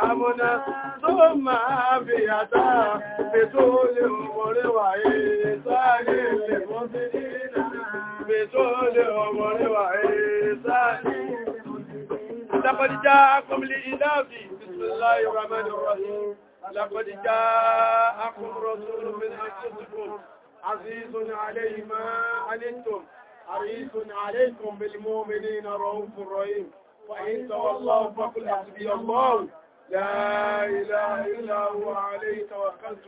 Amúná tó máa fi àtà ètò olè ọmọrẹ wà èèrè sáàrí ilẹ̀ fún sí nínà. Ètò olè ọmọrẹ wà èèrè sáàrí ilẹ̀ fún sí nínà. Lápọ̀díjá kọmìlì ìdáàbì, Bismillahir Rahmanir Rahim. Lápọ̀díjá akọmọrọ̀ tó lómìnà عزيز عليه ما عنتم حريص عليكم بالمؤمنين رؤوف رحيم وإن تولوا فقل حسبي الله لا إله إلا هو عليه توكلت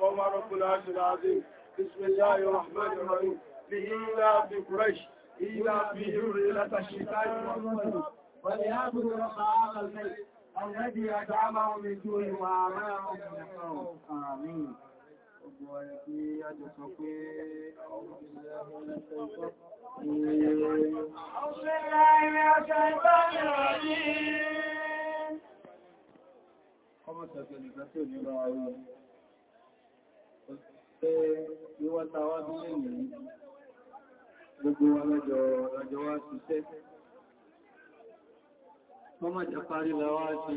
وهو رب العرش العظيم بسم الله الرحمن الرحيم لإيلاف قريش إيلاف بهم ليلة الشتاء والصيف وليعبدوا رب هذا البيت الذي أدعمهم من دون وأمامهم آمين gbogbo ayé kí a jọ sọ pé àwọn ọmọ ìṣẹ̀kẹ̀ nìkan tí ò ní bá wa rú pé wíwọ́n ta wá bí lẹ́yìn gbogbo alájọ wá ṣiṣẹ́ mọ́mọ̀ jẹ́ parí lọ wá ṣe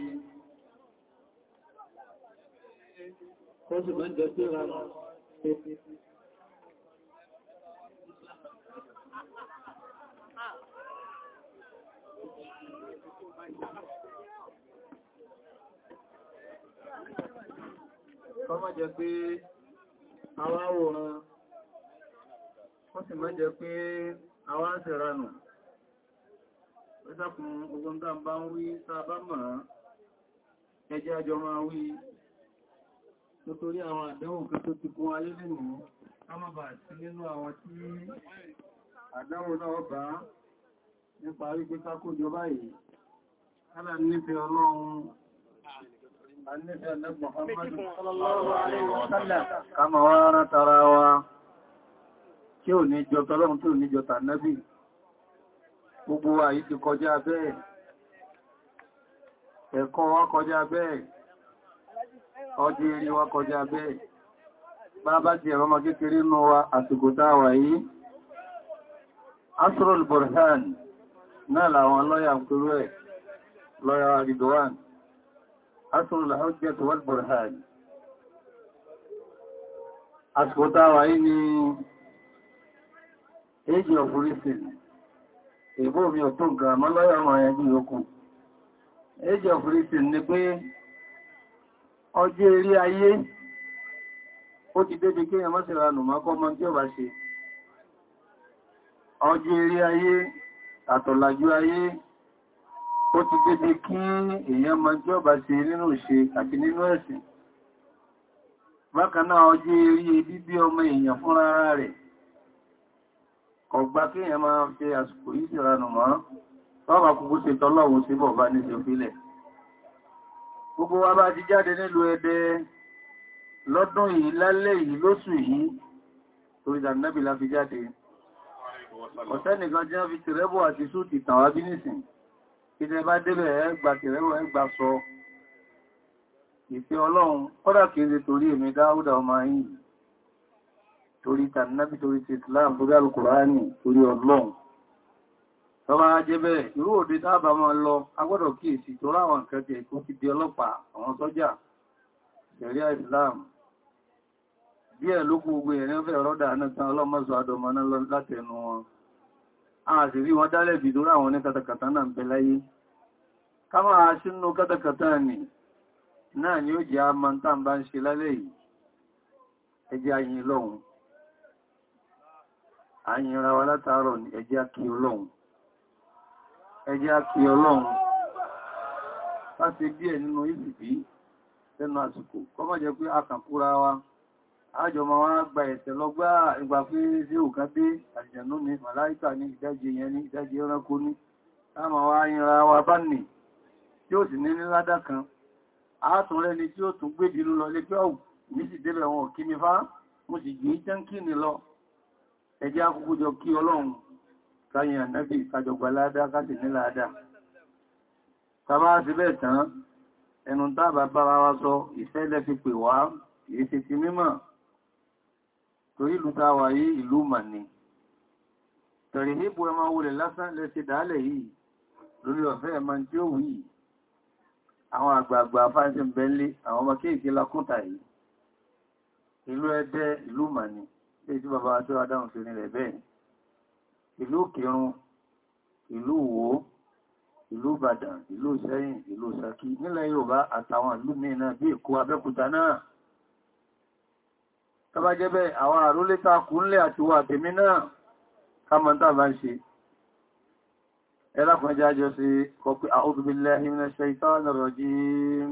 kó sì mọ́ jẹ́ sí ra Kọ́mọ́ jẹ́ pé aláwòrán, wọ́n sì mọ́ jẹ́ pé aláṣẹ̀ránù. Ó sákùn ogun tàbá ń wí sábá ẹjẹ́ àjọ máa wí nítorí àwọn àdánwò kan tó ti kún ayé lè nìí a má bà sí nínú àwọn tí àdánwò náà bá nípa wípé kákójọ báyìí kálà nífẹ̀ẹ́ ọlọ́run Kama wá rán tara wa tí ò ní jọ tọ́lọ́run tí ò ní jọ tànábì. Gbogbo wa kọjá bẹ́ẹ̀. Ẹ̀kọ́ wa kọjá bẹ́ẹ̀. ọdí eré wa kọjá bẹ́ẹ̀ bá bá jẹ ọmọ kékeré nù wa àsìkò táwà yìí asrol burhan náà làwọn lọ́yà ń pẹ̀lú ẹ̀ lọ́yà Ridwan asrol hujjat wal burhan àsìkò yìí ni age of reason ìbò mi ò tó nǹkan àmọ́ lọ́yà ọmọ age of reason ni ọjọ́ eré ayé ó ti débi kí èèyàn mọ́sílá nùmọ́kọ́ mọ́ tí ó bá ṣe ọjọ́ eré ayé àtọ̀làjú ayé ó ti débi kí èèyàn mọ́ tí ó bá ṣe nínú ìṣe àti nínú ẹ̀sìn bákan náà ọjọ́ eré bíbí ọmọ èèyàn fúnra rẹ̀ ọgbà kí èèyàn máa fi àsìkò yìí sí ìranù mọ́ gbogbo wa bá ti jáde nílùú Ẹdẹ lọ́dún yìí lálẹ́ yìí lóṣù yìí torí dànàbì la fi jáde ọ̀sẹ́nìkan jẹ́ fi tìrẹ́bọ̀ àti súùtì tàwà bí nìsìn ìdẹ bá débẹ̀ ẹgbà tìrẹ́bọ̀ ẹgbà sọ ìfẹ́ Ọlọ́run kọ́dà kéré torí èmi Dáúdà ọmọ yìí torí dànàbì tọba ajẹ́bẹ̀ irú òde tábà máa lọ agbọ́dọ̀ kíyèsí tó ráwọn nǹkan jẹ́ kó ti ọlọ́pàá àwọn sọ́jà ṣẹ̀ríà Islam bí ẹ̀ ló gbogbo ẹ̀rẹ́ fẹ́ a katakata na katakata ni ẹjẹ́ ayin lọ́hun ayin ra wa látàárọ̀ ẹjẹ́ àti ọlọ́run láti díẹ̀ nínú ìsìbí lẹ́nu àsìkò kọ́ má jẹ́ pé akàkúra wa àjọ ma wọ́n gba ẹ̀sẹ̀ lọ́gbà ìgbà pé sí òkà dé àjẹ̀nú ni màláìkà ní ìdájì yẹn ní ìdájì ẹranko ní láàmà wá yínra wa bá nì tí ó sì ní ní ládá kan àátùnrẹ́ ni tí ó tún gbé dìlú lọ lé pé ọ̀wù ní sì débẹ̀ wọn kí mi fá mo sì gbé jẹ́ńkì ní lọ ẹjẹ́ akúkú jọ kí ọlọ́run káyìn ànábì kájọgbà ládá kásì ní ládá tàbá sí bẹ́ẹ̀ tán ẹnu tàbà bára wá sọ ìfẹ́lẹ́ fi pè wá èsì ti mímọ̀ torí ìlú tàwà yí ìlú mà ní tẹ̀rì híbò ẹmà wulẹ̀ lásán lẹ́sẹ̀ dálẹ̀ yìí lórí ọ̀fẹ́ ẹmà tí ó wù yìí àwọn àgbààgbà fáṣẹ́ bẹ́ńlé àwọn ọmọ kéèké lakúta yìí ìlú ẹdẹ ìlú mà ní èyí tí bàbá wa adáhùn sí nílẹ̀ bẹ́ẹ̀ ìlú Ìkìrun ìlú Ìwó ìlú badan, ìlú Ìṣẹ́yìn ìlú Ṣakí nílẹ̀ Yorùbá àtàwọn ìlú mìíràn bí Èkó Abẹ́òkúta náà tọba jẹ́bẹ́ àwọn àrólẹ́ta kúnlẹ̀ àti wà tèmi náà kàmọ̀ntà bá ń ṣe ẹlákùnrin sí kọpí a'udhu billahi minash shaitanir rajim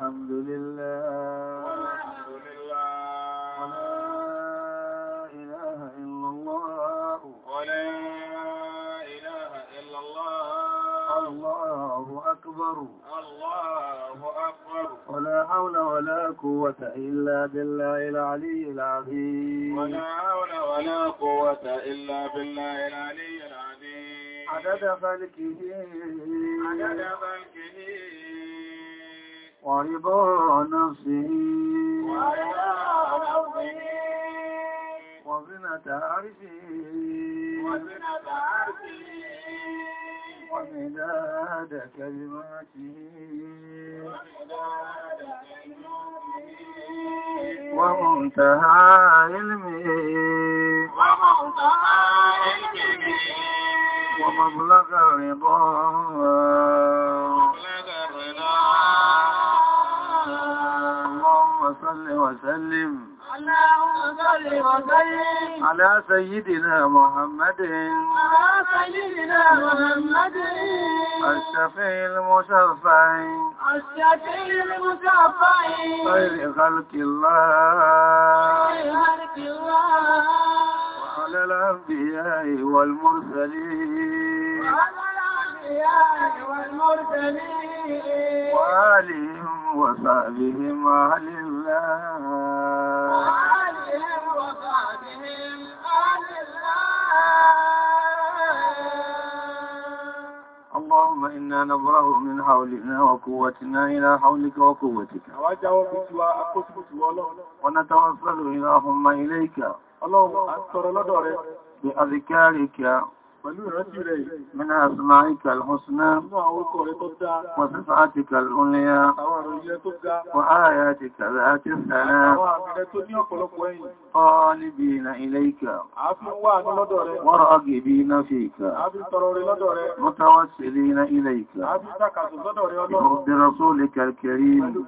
الحمد لله والحمد لله ولا إله إلا الله ولا إله إلا الله الله أكبر الله أكبر ولا حول ولا قوة إلا بالله العلي العظيم ولا حول ولا قوة إلا بالله العلي العظيم عدد خلقه عدد خلقه ورضا نفسه وزنة عرشه ومداد كلماته ومنتهى علمه ومبلغ رضاه وسلم اللهم صل وسلم على سيدنا محمد على سيدنا محمد الشفيع المشفع الشفيع المشفع خير خلق الله خير خلق الله وعلى الأنبياء والمرسلين وعلى الأنبياء والمرسلين وآلهم وصحبهم وأهلهم اللهم إنا نبره من حولنا وقوتنا إلى حولك وقوتك ونتوصل إلى هم إليك بأذكارك pẹ̀lú ìrántí rẹ̀ min asma'ika al-husna wa sifatika al-ulya wa ayatika dhati as-salam qalibina ilayka wa ragibina fika mutawassilina ilayka bi rasulika al-karim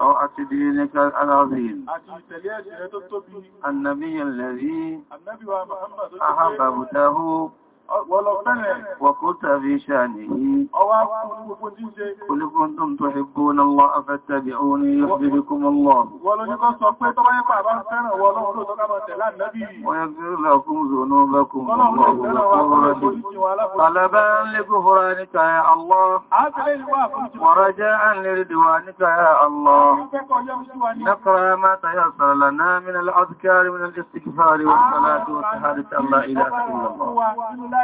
وطاعة دينك العظيم النبي الذي أحبه له وكنت في شانه قل كنتم تحبون الله فاتبعوني يحببكم الله ويغفر لكم ذنوبكم طلبا لغفرانك يا الله ورجاء لردوانك يا الله نقرأ ما تيسر لنا من الأذكار من الاستكفار والصلاة والشهادة الله إله إلا الله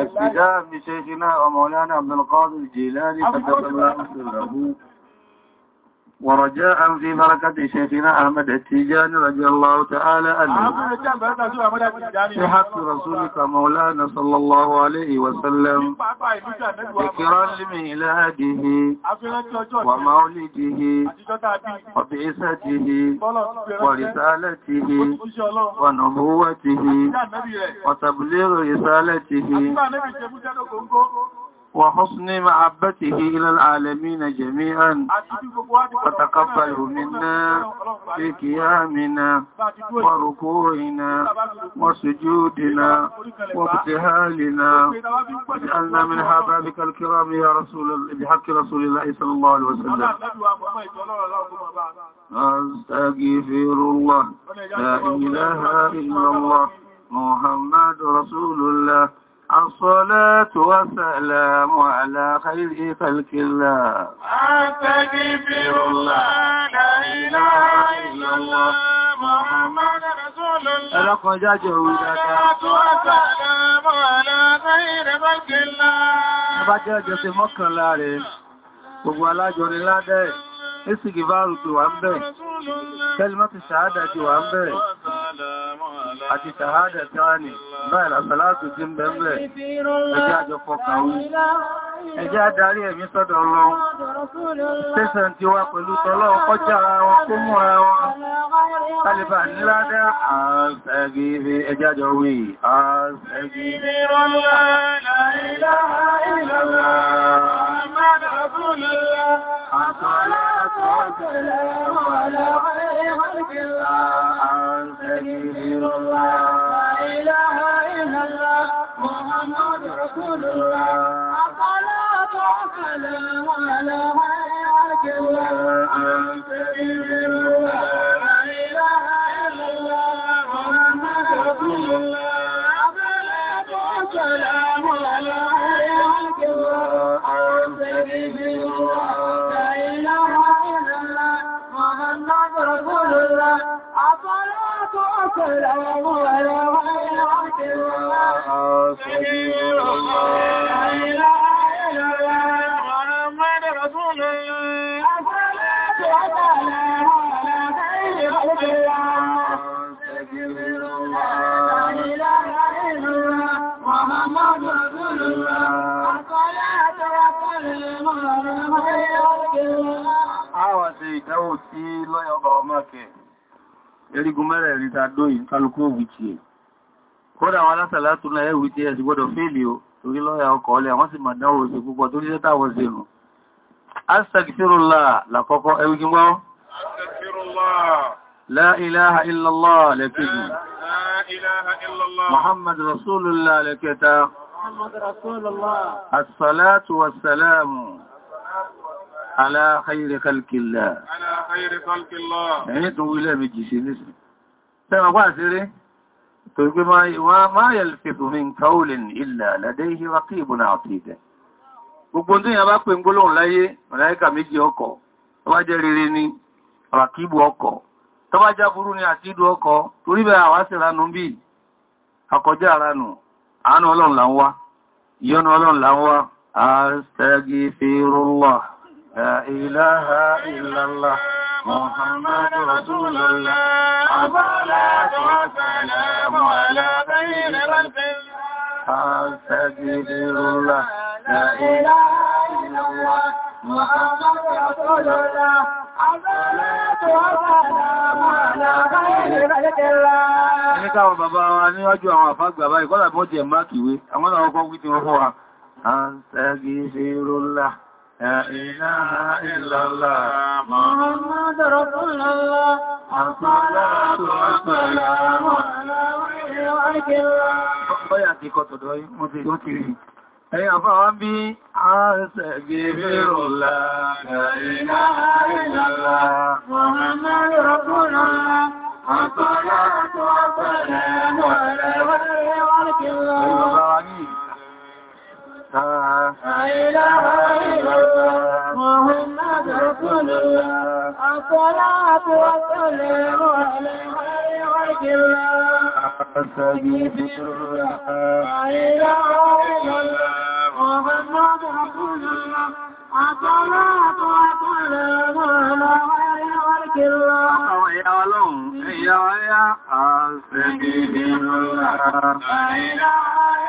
استجاب لشيخنا ومولانا عبد القادر الجيلاني قدس الله سره ورجاء في بركة شيخنا أحمد التيجاني رضي الله تعالى في بحق رسولك مولانا صلى الله عليه وسلم ذكرا لميلاده ومولده وبعثته ورسالته ونبوته وتبليغ رسالته وحسن معبته إلى العالمين جميعا وتقبله منا في قيامنا وركوعنا وسجودنا وابتهالنا واجعلنا من حبابك الكرام يا رسول بحق رسول الله صلى الله عليه وسلم أستغفر الله لا إله إلا الله محمد رسول الله الصلاة والسلام على خير خلق الله أستغفر الله لا إله إلا الله محمد رسول الله الصلاة والسلام على خير خلق الله Abájẹ́ ìjọsìn mọ́kànlá rẹ̀, gbogbo alájọ ni ládẹ́, ìsìnkì bá rùtù wà ń bẹ̀, kẹ́lìmọ́ ti ṣàádà ti wà ń bẹ̀, àti ṣàádà tánì. Báyìí làbẹ̀ láti ti ń bẹ̀m̀lẹ̀, ẹjẹ́ àjọ fọkà wí. Ẹjẹ́ ẹ̀mí sọ́dọ̀ Ọlọ́run. Tẹ́sàn ti wá pẹ̀lú tọ́lọ́run kọjá ara wọn kó mú ara wọn. Tálíbà níládá àṣẹ́gbé ẹjẹ́ àjọ wí. كبير الله لا إله إلا الله محمد رسول الله الصلاة والسلام على حياك الله الله lọ́yọ̀ ọba ọmọ kẹ erigun mẹ́rẹ̀ rí dáadó yìí kálukú òwì tí ẹ̀ kódà wọn látàlátù náà ẹ̀wì tí ẹ̀ sì gbọ́dọ̀ fèèlì o torí lọ́yà ọkọ̀ ọlẹ̀ àwọn sì mà dánwò sí púpọ̀ tó jẹ́ táwọn sí nù astagfirullah lákọ́kọ́ ẹ̀wì kí wọ́n astagfirullah la ilaha illallah lẹ́kẹ́jì la ilaha illallah muhammad rasulullah lẹ́kẹta muhammad rasulullah as-salatu was-salamu على خير خلق الله على خير خلق الله يعني طويلة مجيسي نسي سمع قاسري تقول ما ما يلفظ من قول إلا لديه رقيب عتيد gbogbo tí ìyàn bá pè ń gbólóhùn láyé ọ̀láyíkà méjì ọkọ̀ tó bá jẹ́ rere ni ràkíbù ọkọ̀ tó bá já burú ni àtídù ọkọ̀ torí bẹ̀rẹ̀ àwá لا إله إلا الله محمد رسول الله الصلاة والسلام على خير خلق أستغفر الله لا إله إلا الله محمد رسول الله الصلاة والسلام على خير خلق الله Ní káwọn bàbá wa níwájú àwọn àfágbà báyìí, kọ́lá bí wọ́n jẹ máàkì ìwé, àwọn ọkọ̀ wí tí wọ́n fọ́ wa. Àǹtẹ́gì ṣe rólá. لا إله إلا الله محمد رسول الله الصلاة والسلام على وجهك الله Bọ́yà ti kọ́ tọ̀dọ̀ yìí, mo ti ló ti rí. Ẹ̀yìn àfáwà bí a ń sẹ̀gbẹ̀ bèèrò láàrín ìlà ìlàlá, إله إلا الله محمد رسول الله الصلاة والسلام عليه وعلى الله سيد الله لا إله إلا الله محمد رسول الله الصلاة والسلام عليه وعلى الله Àwọn ìyá ọlọ́run, ìyá ọyá, àṣẹ́gbẹ̀ẹ́ ìlú ọlọ́run, àìlá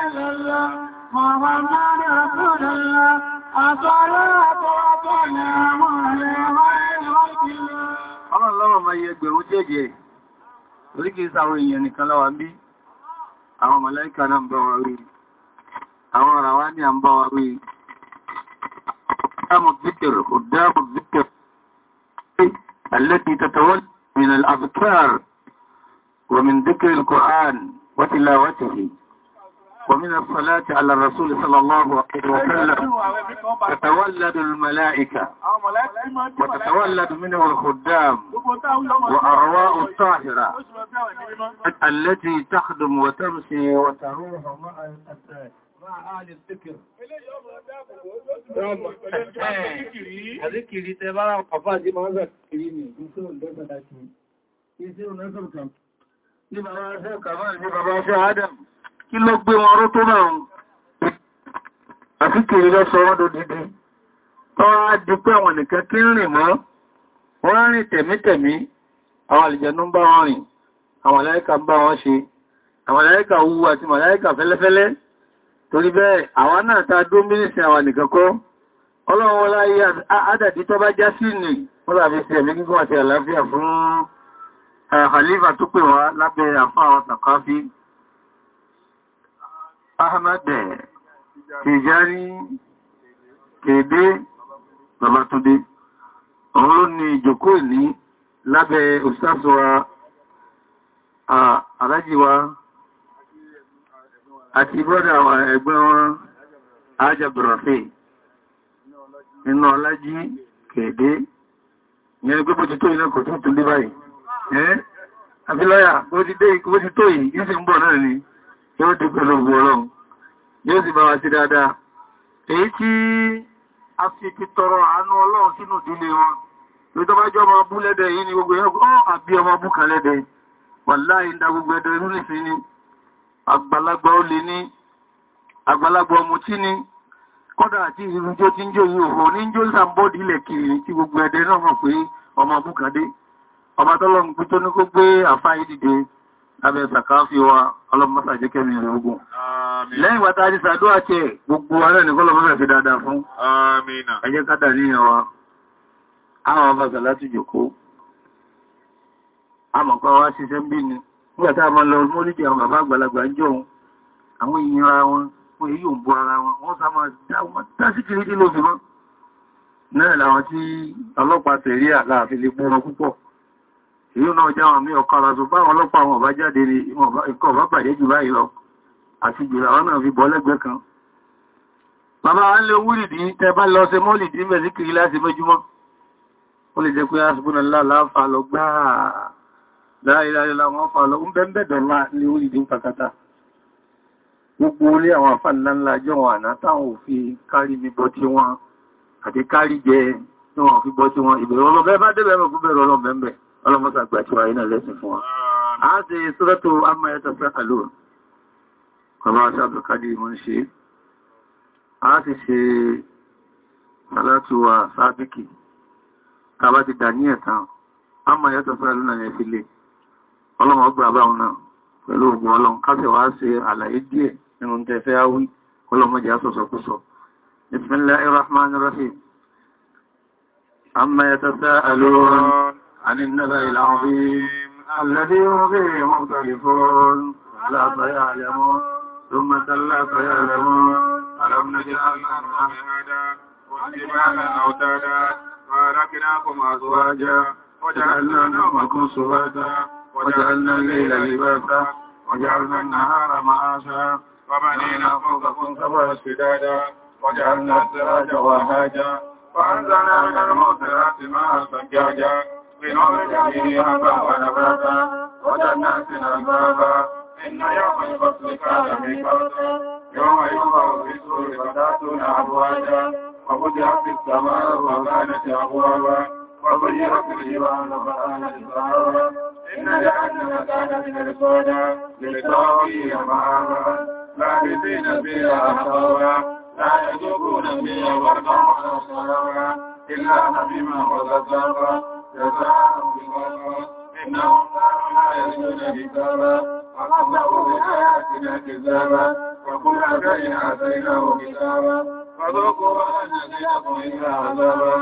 ìlú ọlọ́run. محمد رسول الله الصلاة والسلام على خير خلق الله Ọlọ́run lọ́wọ́ máa yẹ ẹgbẹ̀rún jẹ́jẹ́ orí kìí sáwọn èèyàn nìkan láwà bí àwọn màláíkà náà ń bá wa rí, àwọn ọ̀rà wá ní à ń bá wa rí. Dámù zíkẹ̀rù, kò dámù zíkẹ̀rù, التي تتولى من الأذكار ومن ذكر القرآن وتلاوته. ومن الصلاة على الرسول صلى الله عليه وسلم تتولد الملائكة وتتولد منه الخدام وأرواء الطاهرة التي تخدم وتمشي وتروح مع مع أهل الذكر kí ló gbé wọn ró tó náà àti kèrè lọ sọ wọ́n dòdìdì tọ́wọ́ á di pé àwọn nìkan kí ń rìn mọ́ wọ́n rìn tẹ̀mítẹ̀mí àwọn àlìjẹ̀nú ń bá wọn rìn àwọn aláìkà ń bá wọn ṣe àwọn aláìkà wú àti màláìkà fẹ́lẹ́fẹ́lẹ́ torí bẹ́ẹ̀ àwọn náà ta dó mínísì àwọn nìkan kọ́ ọlọ́run wọ́n eh, láyé Ahmadu eh, Tijani Kèdé Babatunde ọ̀rọ̀ ni ìjòkó ìní lábẹ́ òṣìṣàṣọ́wà àlájíwá àti brọ́dà wa ẹgbẹ́ wọn ajabdurrafe nínú ọlájí kèdé ìyẹn gbé bó ti tó iná kò tún báyìí ẹ́ àfilọ́yà bó ti tó yìí bọ̀ náà ni yóò ti pẹ̀lú ògbòrán yóò sì bá wa sí dáadáa èyí tí a fi ti tọrọ àánú ọlọ́run sínú ìdílé wọn ló tọ́ bá jọ ọmọ abú lẹ́dẹ̀ yìí ni gbogbo ẹgbẹ́ ọ́ àbí ọmọ abú kan lẹ́dẹ̀ wà láì ń da gbogbo ẹdẹ inú nìsí ni àgbàlagbà ó lè ní àgbàlagbà ọmọ tí ni kọ́dà àti ìrújó tí ń jó yìí òhò lábẹ́ sàkáfí wa ọlọ́mọ́sà jẹ́ kẹ́mì rẹ̀ ogun. lẹ́yìn wata àti sàdúwà tẹ gbogbo ara ní kọ́lọ̀mọ́sà fi dáadáa fún ẹjẹ́ kádà ní ẹwà àwọn ọbaṣà láti jòkó àmọ̀kọ́ wá ṣiṣẹ́ bí ni nígbàtá a máa lọ mọ́lídì àwọn bàbá àgbàlagbà ń jọ àwọn èèyàn ara wọn wọ́n èyí ò bú ara wọn wọ́n sá máa dá wọn tásìkiri nílò fi mọ́ náà làwọn tí ọlọ́pàá tẹ̀rí àláàfin lè gbọ́rọ̀ púpọ̀ èyí náà já wọn mí ọkọ̀ ara tó bá ọlọ́pàá wọn bá jáde ní ikọ̀ bá pàdé jù báyìí lọ àti jùlọ àwọn náà fi bọ́ lẹ́gbẹ́ kan bàbá wa ń lè wúrì dí tẹ bá lọ ṣe mọ́lì dí mẹ́ síkìrí láti mẹ́júmọ́ ó lè jẹ́ pé asìbúnà láàfà lọ gbáà láìláìlá wọn fà lọ ń àti kárí jẹ tí wọn fi bọ tí wọn ìbẹ̀rẹ̀ ọlọ́bẹ̀ bá débẹ̀ mẹ́kú bẹ̀rẹ̀ ọlọ́bẹ̀ ọlọ́mọ́sà àgbà tí wáyé náà lẹ́sìn fún wa a ti sọ́rọ̀tò amáyẹta sáàlù kọba sábùkádì mọ́ ṣe a ti ṣe sálátùwà sábìkì tàbá ti dà ní ẹ̀tàn amáyẹta sáàlù náà yẹ fi lè ọlọ́mọ́ gbà báhùn náà pẹ̀lú ògbò ọlọ́run kásẹ̀ wá بسم الله الرحمن الرحيم عما يتساءلون عن النبأ العظيم الذي هم مختلفون على فيعلمون ثم كلا فيعلمون ألم نجعل الأرض مهادا والجبال أوتادا فاركناكم أزواجا وجعلنا نومكم سباتا وجعلنا الليل لباسا وجعلنا النهار معاشا وبنينا فوقكم سبعا شدادا وجعلنا السراج وهاجا وأنزلنا من المرسلات ماء سجاجا إن يوم الفصل كان ميقاتا يوم يوضع في السور أبوابا وفتحت السماء وكانت أبوابا وطيرت الجبال فآلت سحابا إن جهنم كان من الصدى للطاغين مآبا لابثين فيها أحقابا لا يذوقون فيها بردا ولا شرابا إلا حميما وغساقا جزاهم بغفرة إنهم كانوا لا يجدون حسابا فقدروا بآياتنا كذابا وكل شيء آتيناه كتابا فذوقوا أن نزيدكم إلا عذابا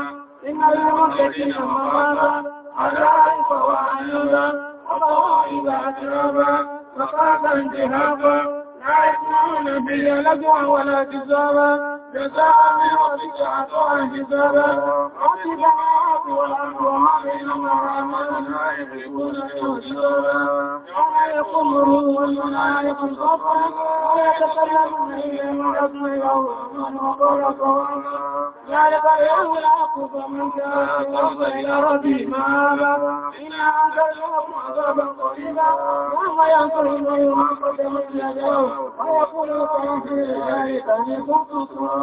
إن للمتقين مفازا حدائق وعنبا وطوائب أترابا وقاتا جهابا لا يسمعون بي لدوا ولا كذابا جزاء ربك عطاء حسابا رب السماوات والارض وما بينهما امانا يحبون كتابا يوم يقوم الروح والملائكه صفا ولا يتكلمون الا ما اذن له الرحمن وقال قواما ذلك اليوم العقب فمن كان يرضى الى ربه مآبا انا انزلناكم عذابا قريبا يوم ينصر الله ما قدمت يداه ويقول لك الحمد لله ان كنتم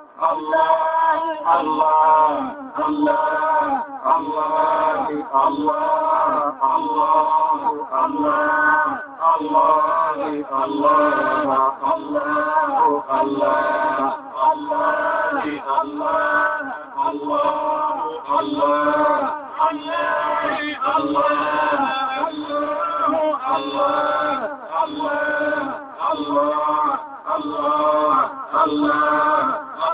Allah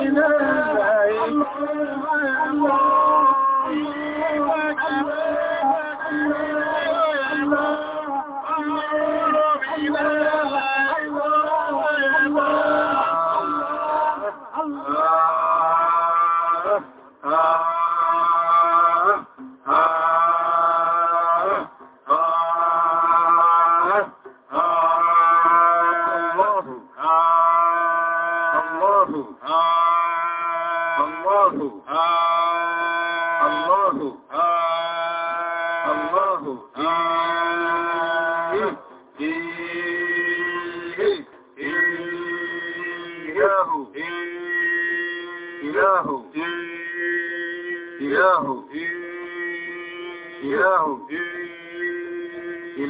من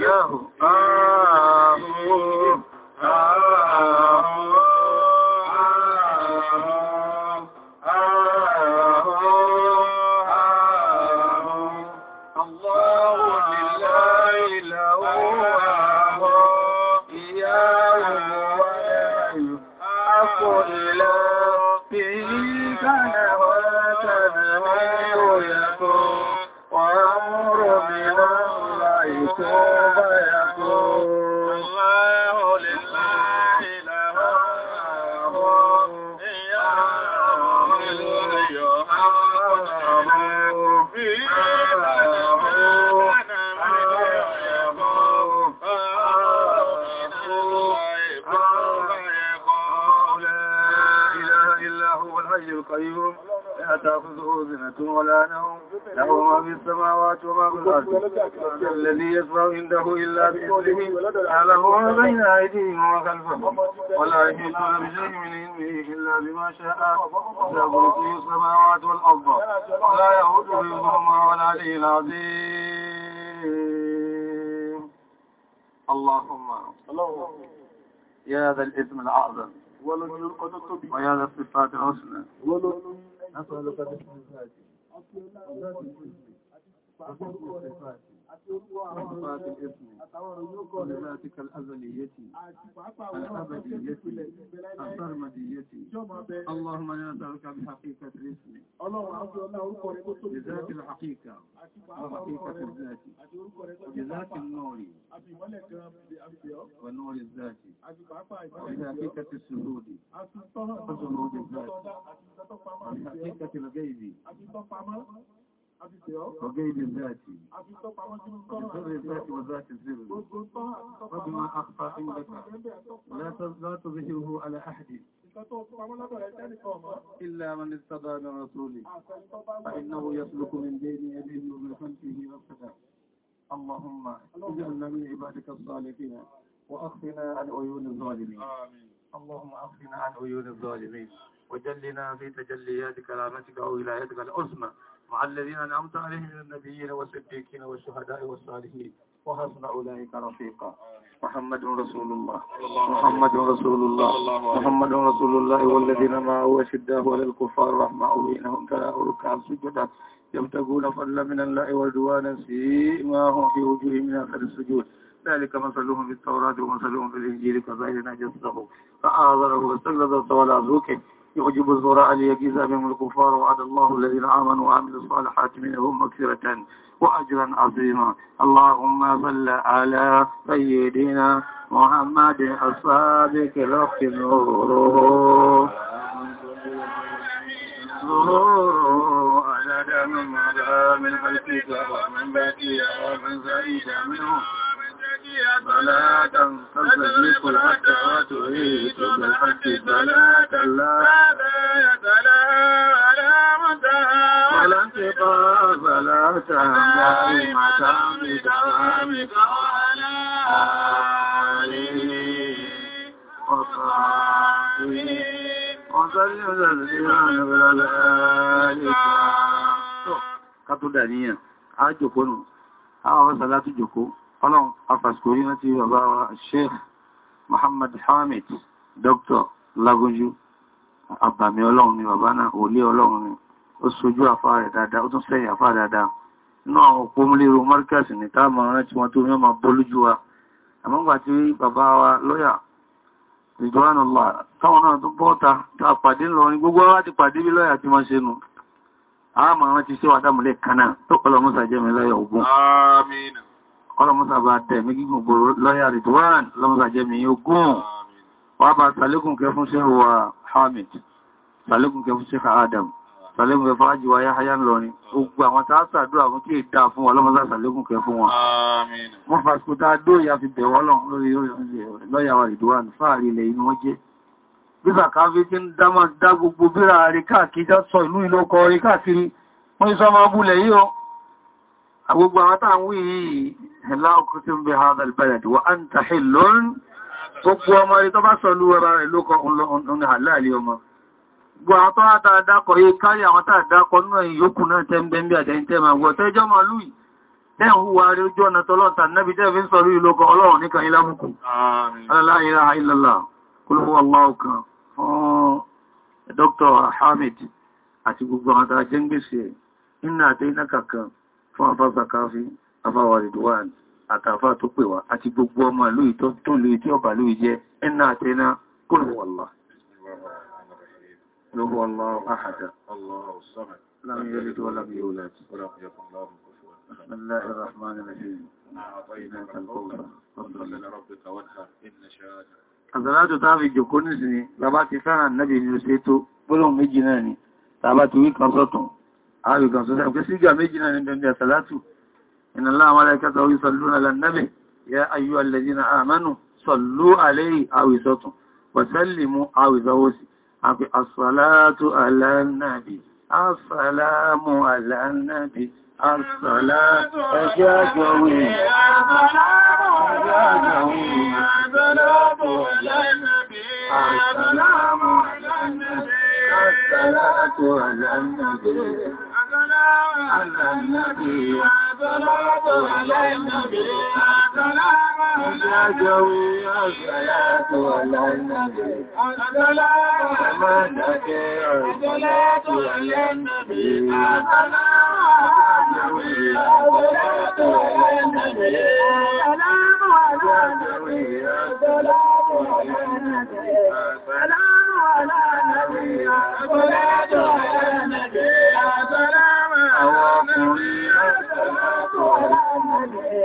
إله آمين برسوله يعلم ما بين أيديهم وخلفهم ولا يحيطون بشيء من علمه إلا بما شاء له كرسي السماوات والأرض ولا يهود ولا والعلي العظيم اللهم يا ذا الاسم الأعظم ويا ذا الصفات الحسنى نسألك باسم الفاتح وذات الاسم الصفات وصفات الاسم وذاتك الأزلية الأبدية السرمدية اللهم لا نسألك بحقيقة الاسم بذات الحقيقة وحقيقة الذات بذات النور ونور الذات بحقيقة السهود وسهود الذات بحقيقة الغيب وقيد الذات بسر الذات وذات الزر وبما أخفى عندك لا تظهره على أحد إلا من استضى من رسوله فإنه يسلك من بين يديه ومن خلفه وابتدا اللهم اجعلنا من عبادك الصالحين وأخفنا عن عيون الظالمين اللهم أخفنا عن عيون الظالمين وجلنا في تجليات كرامتك وولايتك العظمى مع الذين أنعمت عليهم من النبيين والصديقين والشهداء والصالحين وحسن أولئك رفيقا محمد رسول الله محمد رسول الله محمد رسول الله والذين معه أشداه على الكفار رحمة بينهم تراء ركعا سجدا يمتقون فضلا من الله سيما سيماهم في وجوههم من آخر السجود ذلك مثلهم في التوراة ومثلهم في الإنجيل كذلك نجسه فآذره واستغلظ طوال عزوكه يعجب الزراع ليجيز بهم الكفار وعد الله الذين آمنوا وعملوا الصالحات منهم مكثرة وأجرا عظيما اللهم صل على سيدنا محمد الصادق لك نوره نوره على دم من خلقك ومن زيد منه صلاة تزلق الحتى وتعيد بالحق صلاة لا يتلاها ولا منتهى ولا انتقى فلا دائمة بدوامك وعلى آله وصحبه وسلم تسليما على ذلك Kátó dà níyàn, á jòkó nù, á wọ́n sàlátù jòkó ọlọ́run afàṣkòrí láti bàbá wa sheikh Muhammad Hamid Dr. Lagunju àbàmì ọlọ́run ni bàbá náà òlé ọlọ́run ni ó sojú àfá rẹ̀ dáadáa ó tún sẹ́yìn àfá dáadáa inú àwọn òpómúlérò marcus ní táàmà rántí wọn tó mẹ́ma bọ́lújú wa àmọ́gbà tí bàbá wa lọ́yà ìjọ́ránàlá táwọn náà tó bọ́ta tàpàdé ọlọ́mọ́sà bá tẹ̀ mí gígùn gbòrò lọ́yà Ridwan lọ́mọ́sà jẹ́ mi ogún wà bá sàlékùn kẹ fún ṣe wa Hamid sàlékùn kẹ fún ṣe ka Adam sàlékùn kẹ fún ajíwa ya haya lọrin gbogbo àwọn tààsàdúrà fún kí ìdá fún wa lọ́mọ́sà sàlékùn kẹ fún wọn wọ́n fàṣkútà dóòyà fi bẹ̀wọ́ lọ́yà wa Ridwan fáàrí ilẹ̀ inú wọ́n jẹ́ bíbà káfí tí ń dámà dá gbogbo bíra rí káàkiri sọ ìlú ìlọ́kọ rí káàkiri wọ́n ìsọ́mọ́ búlẹ̀ yíò àgbogbo àwọn tàà ń wí yìí لا أقسم بهذا البلد وأنت حل gbogbo ọmọ rí tó bá sọlú ọ̀rọ̀ rẹ̀ ló kọ ọ̀nà àláàlẹ́ ọmọ gbogbo àwọn tó àtà àdákọ̀ yìí kárí àwọn tàà dákọ̀ nínú ẹ̀yìn yókù náà tẹ́ ń bẹ́ ń bí àtẹ́yìn tẹ́ ma gbọ́ tẹ́jọ́ ma lúì tẹ́ ń hùwà rí ojú ọ̀nà tọ́lọ́ta nẹ́bí fún Dr. Hamid afáwà Ridwan àtàfà tó pè wá àti gbogbo ọmọ ìlú ìtọ́ tó lè tí ọba ló jẹ́ ẹ̀nà àtẹ́ná Qul huwallahu Allahu ahad Allahu samad lam yalid wa lam yulad wa lam yakun lahu kufuwan ahad Bismillahir rahmanir rahim أعطيناك الكوثر فصل لربك وانحر إن شانئك àtàlátò táàfi jòkó nìsìnyí labá ti fẹ́ràn náàbì ìlú ṣètò gbólóhùn méjì náà ni tàbá wí kan sọ́tún ààrì kan sọ́tún méjì náà ni bẹ̀mí àtàlátò إن الله ملائكته يصلون على النبي يا أيها الذين آمنوا صلوا عليه عوزتهم وسلموا عوزوسي الصلاة على النبي السلام على النبي الصلاة يا جوي يا جوي السلام على النبي السلام على النبي السلام على النبي على النبي الصلاة على النبي السلام عليك الصلاة على النبي السلام عليك الصلاة على النبي السلام عليك الصلاة على النبي السلام عليك الصلاة على النبي السلام على النبي الصلاة على النبي السلام على النبي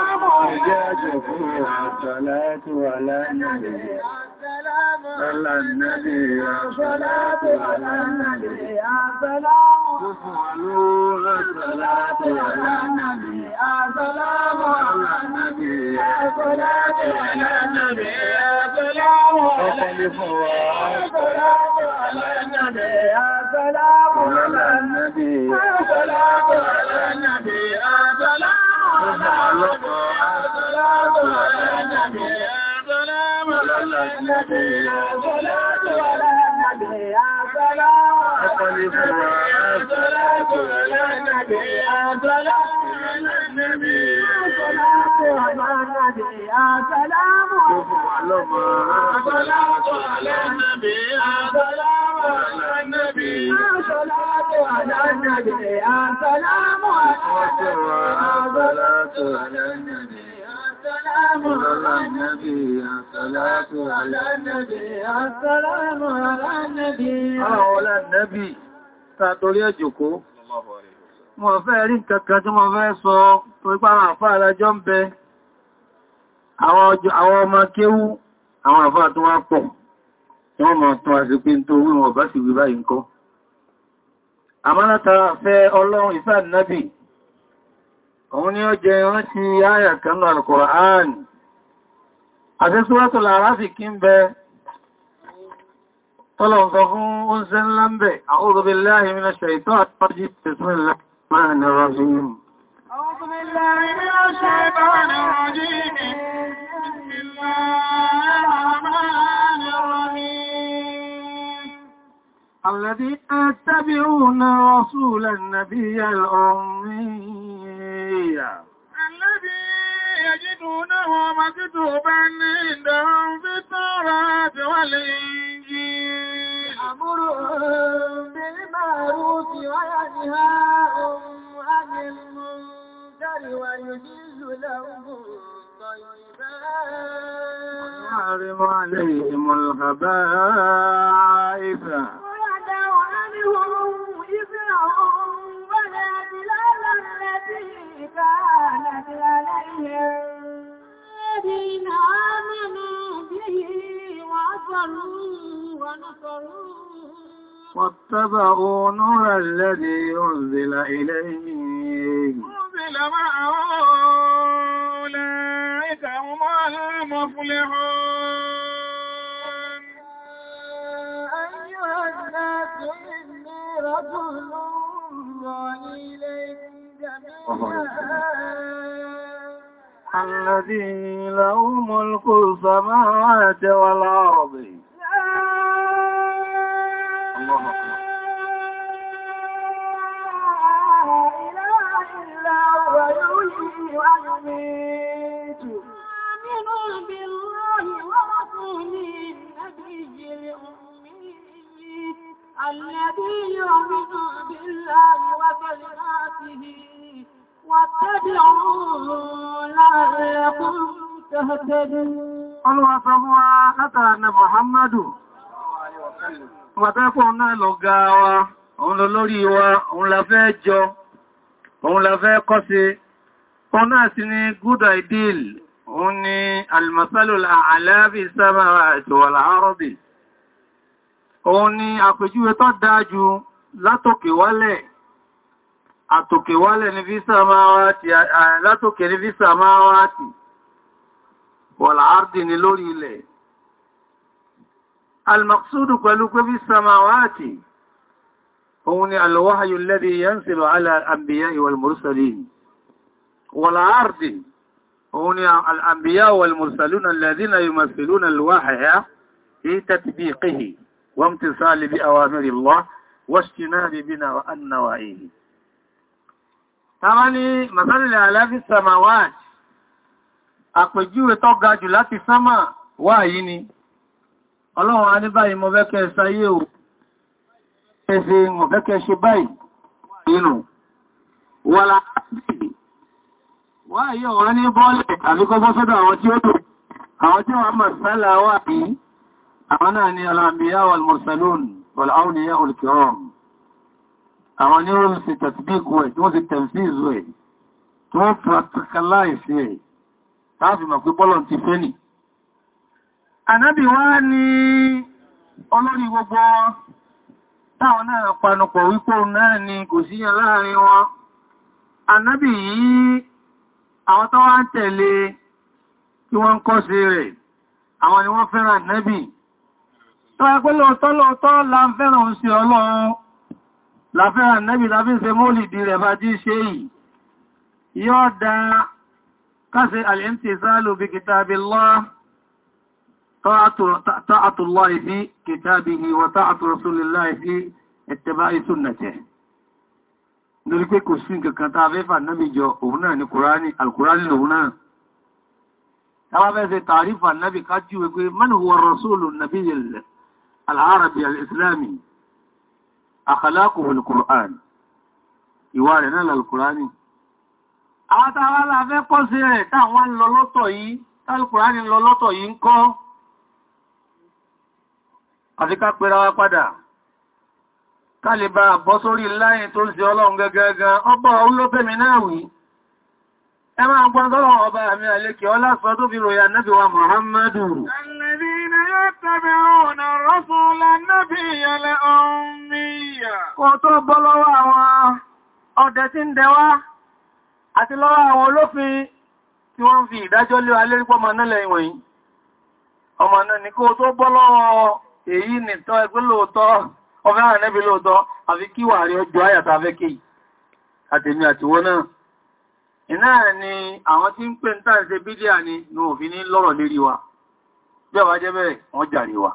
فجاجه الصلاة على النبي صلى النبي الصلاة على النبي السلام وصلوا الصلاة على النبي السلام على النبي الصلاة على النبي السلام وخلفوا الصلاة على النبي السلام على النبي الصلاة على النبي السلام السلام على النبي يا صلاة على Àṣọ́lá mọ̀ àṣọ́lá mọ̀ àṣọ́lá mọ̀ السلام على النبي الصلاة على النبي السلام على النبي أولى النبي tàtorí ẹjòkó wọ́n fẹ́ rí kankan tí wọ́n fẹ́ sọ tó ipá àwọn àfá alájọ́ ń bẹ àwọn ọmọ kéwú àwọn àfá tó wá pọ̀ tí wọ́n mọ̀ tán àti pé tó wí bá sì wí báyìí ń àmọ́ látara fẹ́ ọlọ́run ìfẹ́ àdínábì òun ni ó jẹ rántí ayà kanú al-Qur'an àti Suratul A'raf kí ń bẹ tọ́lọ̀ǹkan fún oúnjẹ ńlá ń bẹ A'udhu billahi minash shaitanir rajim Bismillahir rahim A'udhu billahi minash shaitanir rajim Bismillahir rahmanir rahim الذين رسول النبي الأمي Àlébí ẹjídù náà wọn máa títù bá ní ìdáhùn fi tọ́rọ àti wà lè yí. Àmúrò bí ní màárù ti wáyà ní ha ohun ánìmú dáríwà yóò ní ìlú lẹ́gbùn وحرم عليهم الذين آمنوا به واتبعوا نور الذي أنزل إليه أنزل معه أولئك هم المفلحون أيها الناس إني رسول الله الذي له ملك السماوات والأرض لا إله إلا هو يحيي ويميت الذي يؤمن بالله وكلماته واتبعوه لعلكم تهتدون Ọlọ́wà sọ fún wa látàrà ní Muhammadu. Pàtàkùn náà lọ ga wa, òun lọ lórí wa, òun la fẹ́ jọ, òun la fẹ́ kọ́ sí. Òun sí ni good ideal, òun ni almasalul a'la fi samawati wal òun ni àpèjúwe tó dájú látòkè wálẹ̀ àtòkè wálẹ̀ ní físà máa wáti látòkè ní físà máa wáti wọ̀lá árdì ni lórí ilẹ̀ almaksudu pẹ̀lú pé físà máa wáti òun ni alwáhayù alladhi yanzilu ala al-anbiya'i wal mursalin wọ̀lá árdì òun ni al-anbiya'i wal mursaluna alladhina yumathiluna al-wahya fi tatbiqihi وامتثال بأوامر الله واجتناب بنا النواهي Tàbání, Màsánilẹ̀ Aláfi Samawat, àpèjúwe tó ga jù láti sánmà wà yìí ni, Ọlọ́run a ní báyìí mo fẹ́ kẹ́ sáyé o, ẹ̀ṣẹ̀ mo fẹ́ kẹ́ ṣe báyìí nínú. Wà láàájì, wà yìí ọ̀wọ́ ní bọ́ọ̀lẹ̀ àbíkọ́ bọ́ sọ́dọ̀ àwọn tí ó àwọn náà ni al-anbiya wal-mursalun wal-awliya wal-kiram àwọn ni wọ́n sì tàbíkù ẹ̀ tí wọ́n sì tẹ̀síìzù ẹ̀ tí wọ́n practicalize ẹ̀ tàbí mọ̀ pé bọ́lọ̀ ti fẹ́ nì ànábì wá ní olórí gbogbo táwọn náà panupọ̀ wípò ni àwọn tó wá ń tẹ̀lé kí wọ́n kọ́ sí rẹ̀ àwọn ni wọ́n fẹ́ràn ànábì ẹgbẹ́ lọ́tọ́ lọ́tọ́ la ń fẹ́ràn oṣù ọlọ́run láfẹ́ràn nẹ́bì láfí ṣe mólìdí rẹ̀ bá jí ṣe yìí yóò dá kásẹ̀ al-imtisalu bi kitabillah ta'atullahi fi kitabihi wa ta'atu rasulillahi fi ittiba'i sunnatihi lórí pé kò sí nǹkan tàà fẹ́fà náàbì jọ òun náà ni kùránì alkùránì lòun fẹ́ ṣe tààrífà náàbì ká jíwe pé man huwa rasulu nabiyil العربي الإسلامي أخلاقه القرآن يوارنا للقرآن àtàwà láfẹ́ في sí rẹ̀ táwọn القرآن lọ lọ́tọ̀ yìí tálùkùránì lọ lọ́tọ̀ yìí ń kọ́ àti ká pẹ́ra wa padà ká lè bá bọ́ sórí láyé tó ń ṣe ọlọ́run gẹ́gẹ́gẹ́ ọgbọ́ olóbẹ̀mí náà wí ẹ máa gbọ́n sọ́rọ̀ ọba àmì àlékẹ́ ọlá sọ tó fi ròyà nábì wa Muhammadu yẹ́tẹ̀bẹ̀rún rọ́sùn lánàbí àti lọ́wọ́ àwọn olófin tí wọ́n fi ìdájọ́ lé wa lérí pọ́mọ náà lẹ́yìn wọ̀nyí. Ọmọ náà ni kó tó bọ́ lọ́wọ́ èyí nìtọ́ ẹgbẹ́ lóòtọ́, ọfẹ́ àrẹ́bí lóòtọ́, àfi kí wà rí ọjọ́ àyàtà fẹ́ kéyìí àtèmi ni àwọn tí ń bí ọba jẹ́ bẹ́ẹ̀ wọ́n jàre wa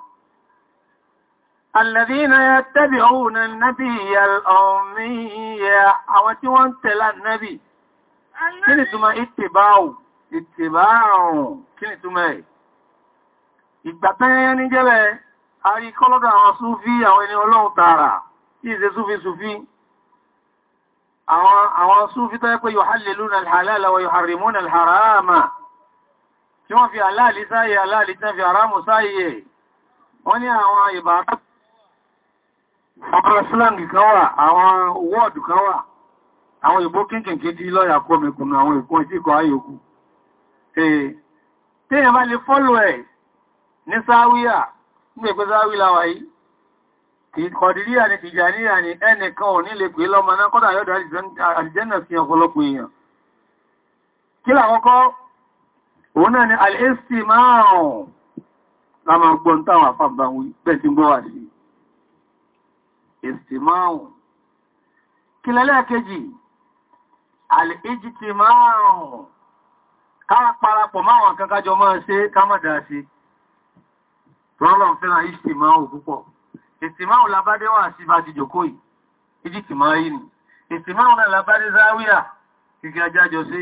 alladhina yattabi'una an-nabiyya al-ummiyya àwọn tí wọ́n tẹ̀lé nábì kí ni túnmọ̀ ìtìbáwù ìtìbáwù kí ni túnmọ̀ ẹ̀ ìgbàtẹ́yẹyẹ ní jẹ́bẹ̀ àrí kọ́lọ́dọ̀ àwọn súfí àwọn ẹni ọlọ́run tààrà tí ìṣe súfí tí wọ́n fi aláàlì sáyé aláàlì tán fi àrámù sáyé wọ́n ní àwọn ìbára ọ̀rọ̀ slang kan wà àwọn wọ́ọ̀dù kan wà àwọn ìbó kínkìnkì tí lọ́yà kó mẹ́kùnù àwọn ìkún ẹjí kọ ayòkú tí èyàn bá lè fọ́lọ̀ ẹ̀ ní sáwíyà ní èkó sáwílà wà yìí kọ̀dìríà ni tìjàníyà ni ẹnìkan ò ní lè pè lọ́mọ náà kọ́dà yọ́dọ̀ àdìjẹ́nà sí ọ̀pọ̀lọpọ̀ èèyàn kí làkọ́kọ́ òun ni al'ẹ́sì márùn-ún la máa gbọ́n táwọn àfàbà pẹ̀tí gbọ́wà sí ẹ̀sì márùn-ún kí lẹ́lẹ́kẹ́jì al'ẹ́jìtì márùn-ún ká parapọ̀ máwọn kankájọ máa ṣe ká má dá sí rọ́lọ̀ fẹ́ràn ìsì márùn púpọ̀ ẹ̀sì márùn-ún wà sí bá ti jòkó yìí ìjìtì márùn-ún labádé záwíà kíkẹ́ ajájọ sí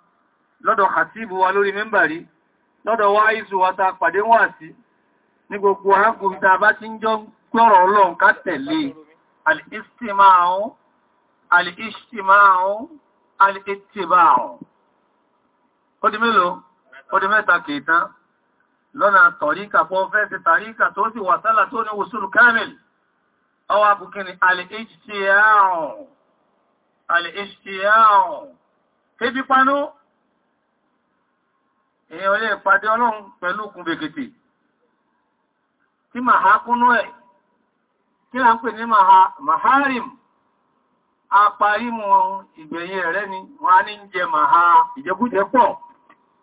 lọ́dọ̀ khatibu wa lórí mẹ́mbàrí lọ́dọ̀ wá ìsù wa ta pàdé wà sí ní gbogbo arákùnrin ta bá ti ń jọ gbọ́rọ̀ ọlọ́run ká tẹ̀lé al-istima'u al-ishtima'u al-ittiba'u ó di mélòó ó di mẹ́ta kìíta lọ́nà tọ̀ríkà pọ̀ fẹ́ sí tàríkà tó sì wà sálà tó ní wùsùlù kamil ọwọ́ abùkínì al-ishtima'u al-ishtima'u kébí panú èèyàn lè ìpàdé ọlọ́run pẹ̀lú òkun bèkètè tí màá kúnú ẹ̀ kí a ń pè ní maharim aparimu ìgbẹ̀yìn ẹ̀rẹ́ ni wọ́n á ní ń jẹ màá ìjẹkújẹ pọ̀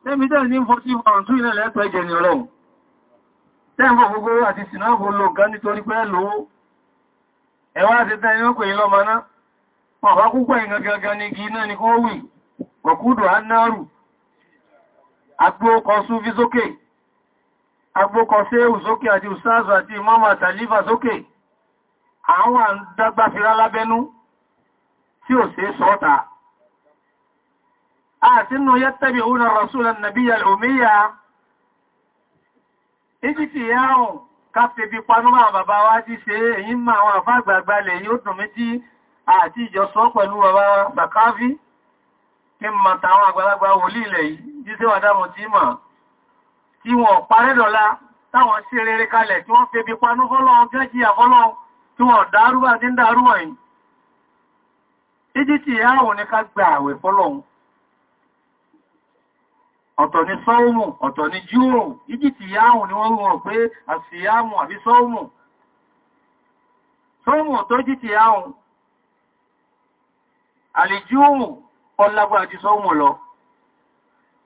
tẹ́mìdẹ́ ní 41 ilẹ̀ lẹ́tọ̀ ẹjẹ ni ọlọ́run tẹ́m̀bọ̀ gbogbo àti ní agbókọ súfí sókè agbókọ séhù sókè àti ustazu àti imam àtàlífà sókè àwọn àdágbàfirá lábẹ́nú tí ò sí sọ́ta àtínú yẹ́tẹ́bì òun rasúlẹ̀ nàbíyà òmíyà ìjìtì yáhùn káfẹ́bí panúmà bàbá wá ti ṣe èyí ma àwọn àfágbàgbàlẹ̀ yóò dùn méjì àti ìjọsọ́ pẹ̀lú bàbá bàkáfí kí mọ̀tàwọn àgbàlagbà wòlí tí sí wà dámọ̀ tí mọ̀ tí wọ́n parẹ́dọ̀lá táwọn sí rere kalẹ̀ tí wọ́n febi panú fọ́lọ́run gẹ́jì àfọ́lọ́run tí wọ́n dárúbà tí ń dárúwà yìí ìdítì ìyáwó ní ká gba àwẹ̀ fọ́lọ́run ọ̀tọ̀ ni sọ́ọ̀mù ọ̀tọ̀ ni júrò ìdítì ìyáwó ni wọ́n rọ̀ pé àfìyàmù àbí sọ́ọ̀mù sọ́ọ̀mù ọ̀tọ̀ ìdítì ìyáwó àlèjúrò ọlágbà ju sọ́ọ̀mù lọ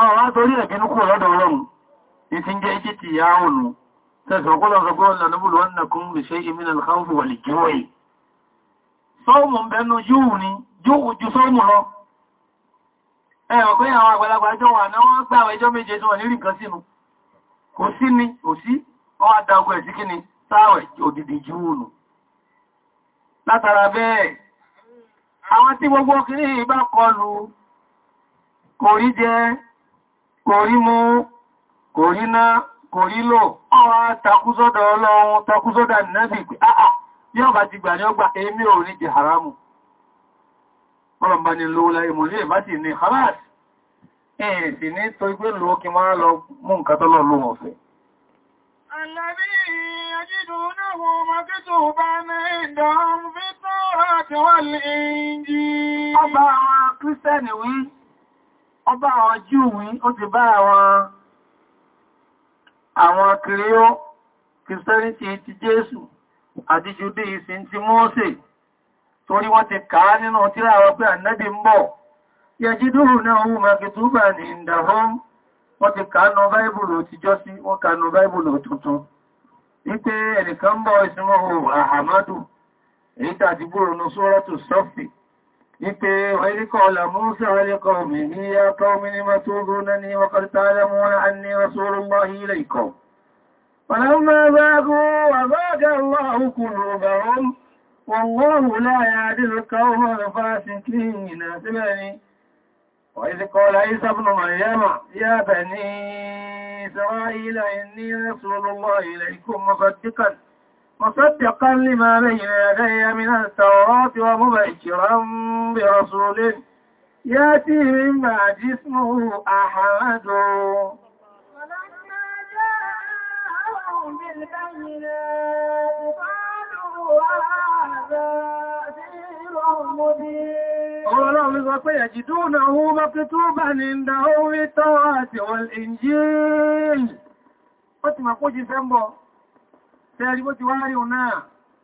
àwọn àtorí ẹ̀kínú kò lọ́dọ̀ ọlọ́run ìfin jẹ́ ikí ti ya ònù tẹ́sàn kó lọ́sọ pé ọ̀nà níbùlù ọ̀nà kún lè ṣe ìmìnà alkhawfu wà lè jíwẹ̀ sọ́ọ̀mù ń bẹnu yóò ní yóò ju sọ́ọ̀mù lọ ẹ ọ̀pẹ́ àwọn àgbàlagbà jọ wà náà wọ́n gbà ẹjọ́ méje tí wọ́n gbogbo kìí bá kọlù kò rí jẹ́ kò rí mú kò ná kò lò ọwá takúsọ́dọ̀ ọlọ́run takúsọ́dọ̀ nẹ́bì pé àà ah, ọ ah, bá ti gbà ní ọgbà èmi ò ní haramu ọlọ́mbà ni lówó láyé ti ní halas ẹ̀yìn sì ní tó igbé lówó kí máa lọ mú nǹkan ó bá àwọn júwí ó ti bá àwọn àwọn kìríó kìrìsìtẹ́rìtì ti jésù àti judaism ti mọ́ọ̀sẹ̀ torí wọ́n ti kàá nínú tírà wọn pé ànábì ń bọ̀ yẹjídúrù náà hù mẹ́kìtúbà ní ìdàhún wọ́n ti kàánú ndị إنتي وإلك على موسى ولقومه يا قوم لم تؤذونني وقد تعلمون عني رسول الله إليكم فلما ذاقوا أذاق الله قلوبهم والله لا يعدل القوم الفاسقين سمعني وإذ قال عيسى ابن مريم يا بني إسرائيل إني رسول الله إليكم مصدقا مصدقا لما بين يدي من التوراة ومبشرا برسول ياتي من بعد اسمه أحمد ولما جاءهم بالبينات قالوا هذا سحر مبين Ọlọ́run sọ pé ẹ̀jìdúnà ohun mọ́kútúbà ní ìdá orí tọ́wà àti ọ̀lẹ́njíìlì. Ó ti mọ̀ kó jí fẹ́ ń bọ̀. Tẹ́rí bó ti wá rí ọ̀nà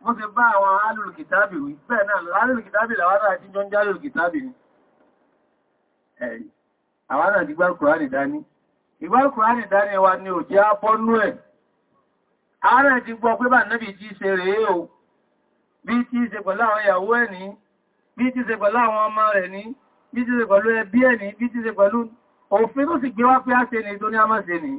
mo ṣe bá àwọn alùlùkìtàbì wí, bẹ́ẹ̀ náà alùlùkìtàbì làwárá àti jọ ń já alùlùkìtàbì ni. Ẹ̀rí, àwọn náà ti gbá Kùránì dání. Ìgbá Kùránì ni ò jẹ́ apọ́nú ẹ̀. Ààrẹ ti gbọ́ pé bá nẹ́bì jí ṣe rèé o, bí tí ṣe pẹ̀lú àwọn ìyàwó ẹ̀ ní, bí tí ṣe pẹ̀lú àwọn ọmọ rẹ̀ ní, bí tí ṣe pẹ̀lú ẹbí ẹ̀ ní, bí tí ṣe pẹ̀lú òfin tó sì gbé wá pé á ṣe ní tó ní á má ṣe nìí.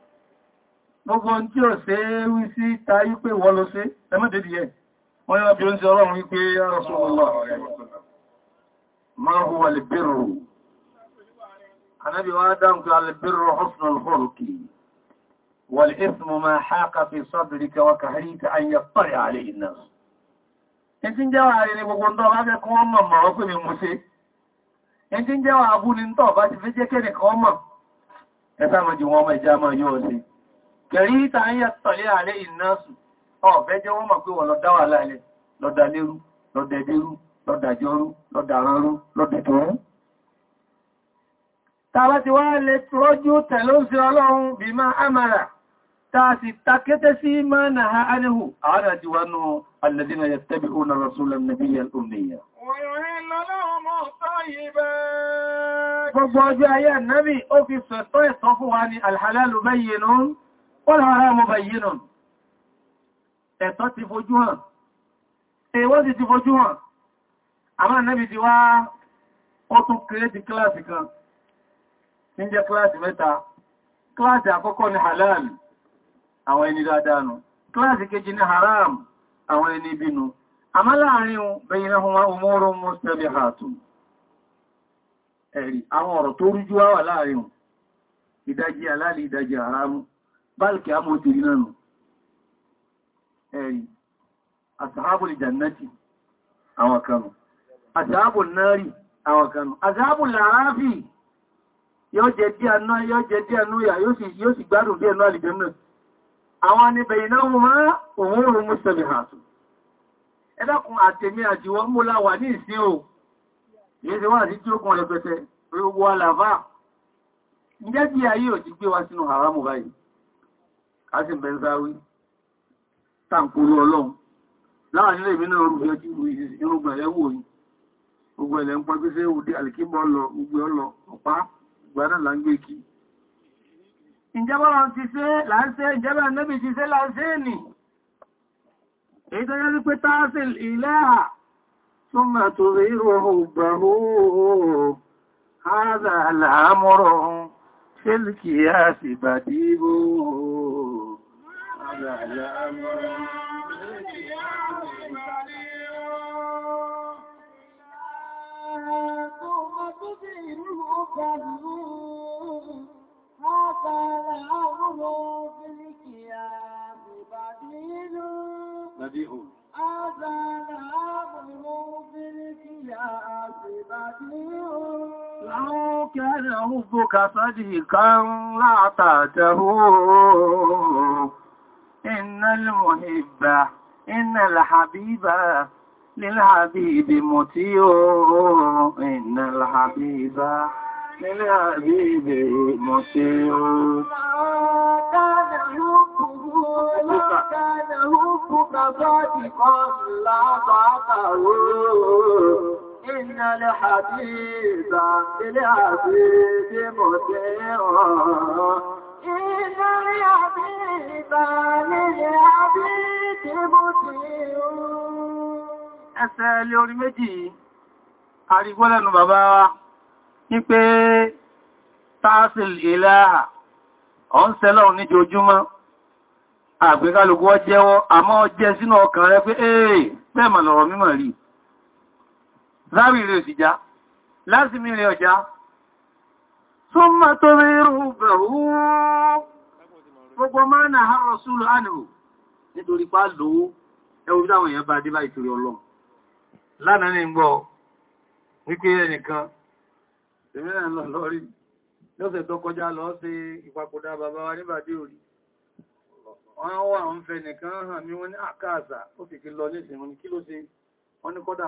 gbogbo tí ó ṣe wí sí tayí pé wọ́n ló ṣe ẹmọ́dédì ẹ̀ wọ́n yọ́ bí ó ń ṣe ọlọ́run wípé arọ́sọ́lọ́lọ́ ma huwa al-birru anábi wá dáhùn pé al-birru husnul khuluqi wal-ithmu ma haqa fi sadrika wa kahrita an yattali alayhi an-nas ẹ̀tí ń jẹ́wà rí ní gbogbo ǹdọ́ lábẹ́ kí wọ́n mọ̀ mọ̀ ọkùn mi mú sí ẹ̀tí ń jẹ́wà abúlé ń tọ́ bá ti fi jẹ́ kẹ́nìkan mọ̀ ẹ̀sá mọ̀ jù wọ́n mọ̀ ìjá mọ̀ kẹ̀rí ìtàáyà tọ̀lẹ́ àlẹ́ ìnáṣù ọ̀fẹ́ jẹ́ wọ́n mọ̀ pé wọ́n lọ dáwà láàlẹ̀ lọ́dà lérú lọ́dà dérú lọ́dà jọrú lọ́dà rọrú lọ́dà tọrún tàbá ti wá lè rọ́jú tẹ̀lóṣe ọlọ́run bí máa àmàrà tàà sì takété sí máa nà ha ánihu àwọn àti wà nù alladhina Gbogbo ọjọ́ ayé ànábì ó fi sọ̀tọ́ ẹ̀sọ́ fún wa ni alhalalu bayyinun والحرام بين ẹ̀tọ́ ti fojú hàn èèwọ̀ sì ti fojú hàn àmá nẹ́bí ti wá ó tún kìrẹ́tì kíláàsì kan ní jẹ́ kíláàsì mẹ́ta kíláàsì àkọ́kọ́ ni halal àwọn ẹni dáadáa nù kíláàsì kejì ni haram àwọn ẹni bínú àmá láàrin bainahuma umurun mustabihatun ẹ̀rí àwọn ọ̀rọ̀ tó rújú wá wà láàrin ìdájí halal ìdájí haramu báàlìkì àmọ́ ti rí náà ẹ̀rì àṣàhábùl jannati àwọn kanu àṣàhábùl náàrí àwọn kanu àṣàhábùl làáráfì yóò jẹ dí àná yóò jẹ dí àná yà yóò sì gbádùn bí ẹ̀nà àlìjẹ́nà àwọn ni baynahuma umurun mushtabihatu ẹ̀dàkùn àtẹ̀mí àjíwọ́ múlá wà ní ìsìn o yìí ti wà sí tí ó kún ọlọ́pẹ́sẹ̀ gbogbo alàfà ǹjẹ́ bí ayé ò ti gbé wa sínú haramu báyìí kásìm bẹ̀nsáwí tàǹkúrú ọlọ́run láàrin ilé ìmìnà orúgbẹ̀ ọjọ́ irúgbẹ̀ ẹ̀wò yìí gbogbo ẹ̀lẹ̀ ń pọ́gbé sí òdí alìkíbọ̀ ọlọ gbogbo ọlọ ọ̀pá ìgbàdà láńgbé kí ìjọba wọn ti ṣe láńṣẹ́ ìjọba nẹ́bì على أمر بديع هذا الأمر في الكياس بديع لو كان حبك صديقا لا تعته إن المحب إن الحبيب للحبيب مطيع إن الحبيب للحبيب مطيع كان هبك صادقا لا تعطه إن الحبيب للحبيب مطيع إن العبيد للعبيد مطيع Ẹsẹ̀ ilé orí méjì àrígbọ́lẹ̀nu bàbá wa ní pé tààsìl ìlàáà, ọ̀n sẹ́lọ̀ ní jojúmọ́, àgbékálùkú ọ jẹ́wọ́, àmọ́ ọ jẹ́ sínú ọkàn rẹ pé èèrè bẹ́ẹ̀ mà lọ̀rọ̀ mímọ̀ rí. Láàrín rẹ̀ òsìjá, lásìmí rẹ̀ ọjá, ثم تضربه به máa نهى ha rọ̀súlù ánìhù nítorí pa lòó ẹwọ́ bí àwọn èèyàn bá dé bá ìtorí ọlọ́run lánàá ní gbọ́ wípé ẹnìkan tèmínà lọ lọ́rí lọ́sẹ̀ tó kọjá lọ sí ìpapòdà bàbá wa níbàdí orí wọ́n wà ń fẹ́ nìkan hàn mí wọ́n ní àkáàsà ó sì ti lọ nísìn wọ́n ní kí ló ṣe wọ́n ní kọ́dà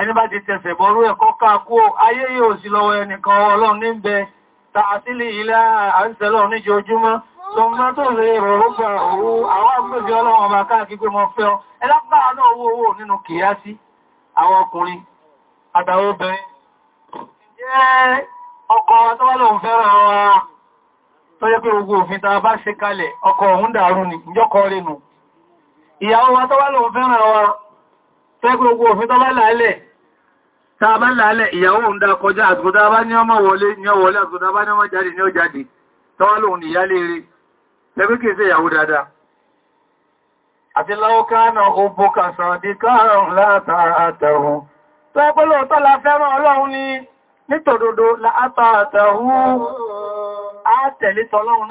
ẹni bá ti tẹ̀sẹ̀ bọ̀rú ẹ̀kọ́ káàkú ayé yóò sí lọ́wọ́ ẹnìkan ọlọ́run ní bẹ tààtílì ilẹ̀ àrísẹ̀lọ́ ní jojúmọ́ tó mọ́ tó lè rọrọ̀ gbà owó àwọn agbègbè ọlọ́run ọba káàkiri pé mọ́ fẹ́ ọ ẹlápá náà owó owó nínú kìíyásí àwọn ọkùnrin àtàwọn wa tó yẹ pé gbogbo òfin ta bá ṣe kalẹ̀ ni ìjọkọ rẹ̀ nù wa tẹ́gbogbo òfin tọ́ bá lálẹ̀ tàà bá lálẹ̀ ìyàwó ń dá kọjá àtùkútà bá ní ọmọ wọlé ní ọwọlé àtùkútà bá ní ọmọ jáde ní ọjáde tọ́wọ́ lòun ni ìyálé rí lẹ́gbẹ́ kìí sí ìyàwó dáadáa àti láwọ́kánà ogbó kàsàn di káàrùn látara àtẹ̀hùn tó ọpọlọ tọ́ la fẹ́ràn ọlọ́run ní nítòdodo látara àtẹ̀hùn á tẹ̀lé tọ́lọ́run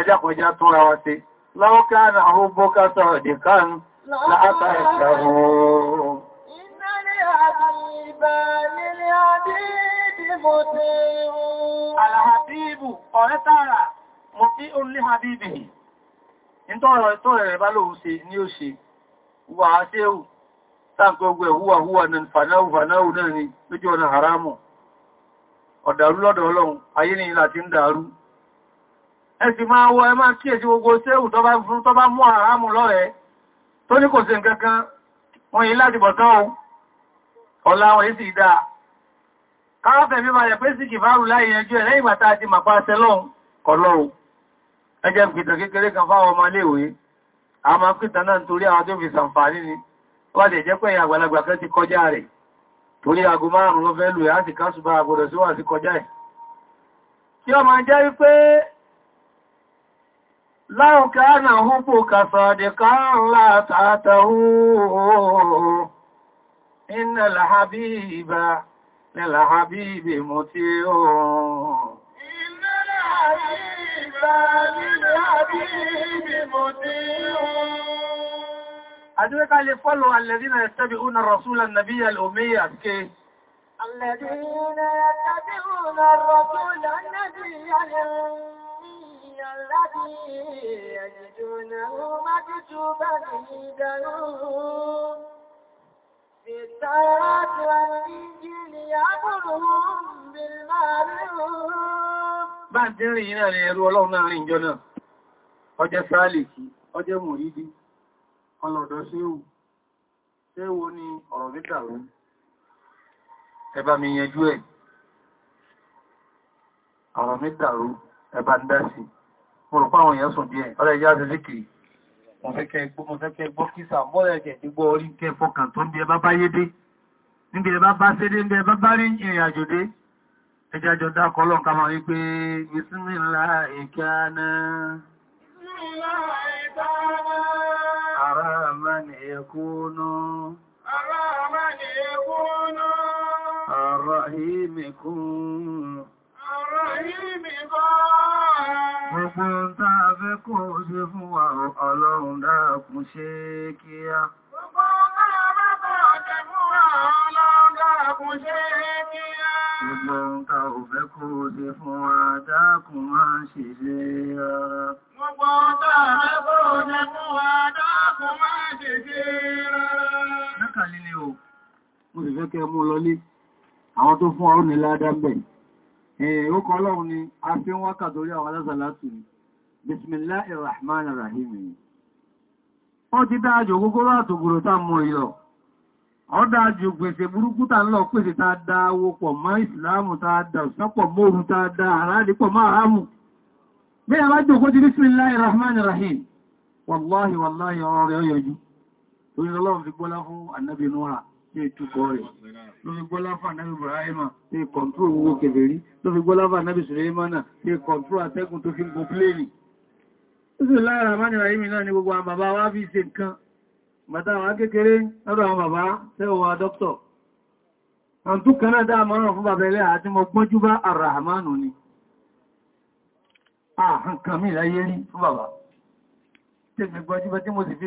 ẹjá kọjá túnra wa sí lọ́wọ́ ká na ahó sọ̀rọ̀ dìkan láàpá ìṣẹ̀rọ̀ Àlàhàbíbù ọ̀rẹ́ ogun húwà ní náà ni lójú ọ̀nà Ọ̀dàrú lọ́dọ̀ Ọlọ́run, ayé ni dàrú, ẹ̀sì máa wọ ẹ máa kíyèsí gbogbo ṣéhù tó bá mú àrámù lọ́rẹ̀ tó ní kò sí nǹkankan wọ́n yìí láti bọ̀tán ohun ọ̀la wọ́n yìí sì dáa káwọ́fẹ̀ mi máa yẹ pé sí kìfàrù láì yanjú ẹ̀ lẹ́yìn bàtà ni wọ́n lè jẹ́ pé ẹ̀yà àgbàlagbà kan ti kọjá rẹ̀ torí aago márùn-ún ló fẹ́ ọmọ jẹ́ wípé لو كان حبك صادقا لا تعته إن الحبيب للحبيب مطيع إن الحبيب للحبيب مطيع أدوك على فلو الذين يتبعون الرسول النبي الأمية أسكي الذين يتبعون الرسول النبي الأمية الذي يجدونه مكتوبا عندهم في التوراة والإنجيل يأمرهم بالمعروف bá ti rìn iná rẹ̀ ẹrú ọlọ́run náà rìn jọ náà ọjẹ́ sáàlìkì ọjẹ́ mòrídí ọlọ́dọ̀ ṣéwù ṣéwù ni ọ̀rọ̀ mítà rú ẹbá mi yanjú ẹ̀ ọ̀rọ̀ mítà rú ẹbá ń dá sí mo rò páwọn èèyàn sùn díẹ̀ ọ̀rẹ́ ìyá ti zikiri mo fẹ́ kẹ́ gbọ́ kísà mọ́rẹ̀ jẹ̀ dígbọ́ orí kẹ́ fọkàn tó ń bí ẹbá bá yédé níbi ẹbá bá bismillah kana ara man yakunu ara man yakunu arrahimikum arrahimikum Gbogbo ń tá a fẹ́ kó ṣe fún wa ọlọ́run dákun ṣe kíá. Gbogbo ń tá a fẹ́ kó ṣe fún wa ọlọ́run dákun ṣe kíá. Gbogbo ń tá a fẹ́ kó ṣe fún wa dákun máa ṣe ṣe rárá. Gbogbo ń tá fẹ́ kó ṣe fún wa dákun máa ṣe ṣe rárá. Mẹ́kànlélé o, mo sì fẹ́ kẹ́ mú lọlé, àwọn tó fún ọ ní ládá bẹ̀rẹ̀. Eh, orúkọ Ọlọ́run ni a fi ń wákà torí àwọn alásàlátù ni. rahman Rahmanir Rahim ni. Ó ti dáájú ogógóró àtògùrò tá mọ ìlọ. Ó dáájú gbèsè burúkú tá lọ pèsè tá dá pọ̀ mọ́ ìsìláàmù tá dá òsápọ̀ mọ́rù tá dá àrádì pọ̀ ló fi gbọ́láfà náàbì Ibrahima tí kọ̀ntúrò owó kèfèrí ló fi gbọ́láfà náàbì Sùlẹ́mánà tí kọ̀ntúrò atẹ́kùn tó fi ń gọ́pléèlì Ìsù lára máa ní Rahimi náà ni gbogbo àwọn bàbá wá fi ṣe nǹkan. Bàtà wá kékeré lọ́dọ̀ àwọn bàbá tẹ́wọ̀ wa dọ́kítọ̀. Àǹtú kan náà dáa mọ́ràn fún bàbá ilẹ̀ àti mọ gbọ́njú bá Ar-Rahmanu ni. Àhàn kan mí láyé rí fún bàbá. Tẹ́gbẹ̀gbọ́jú bá tí mo sì fi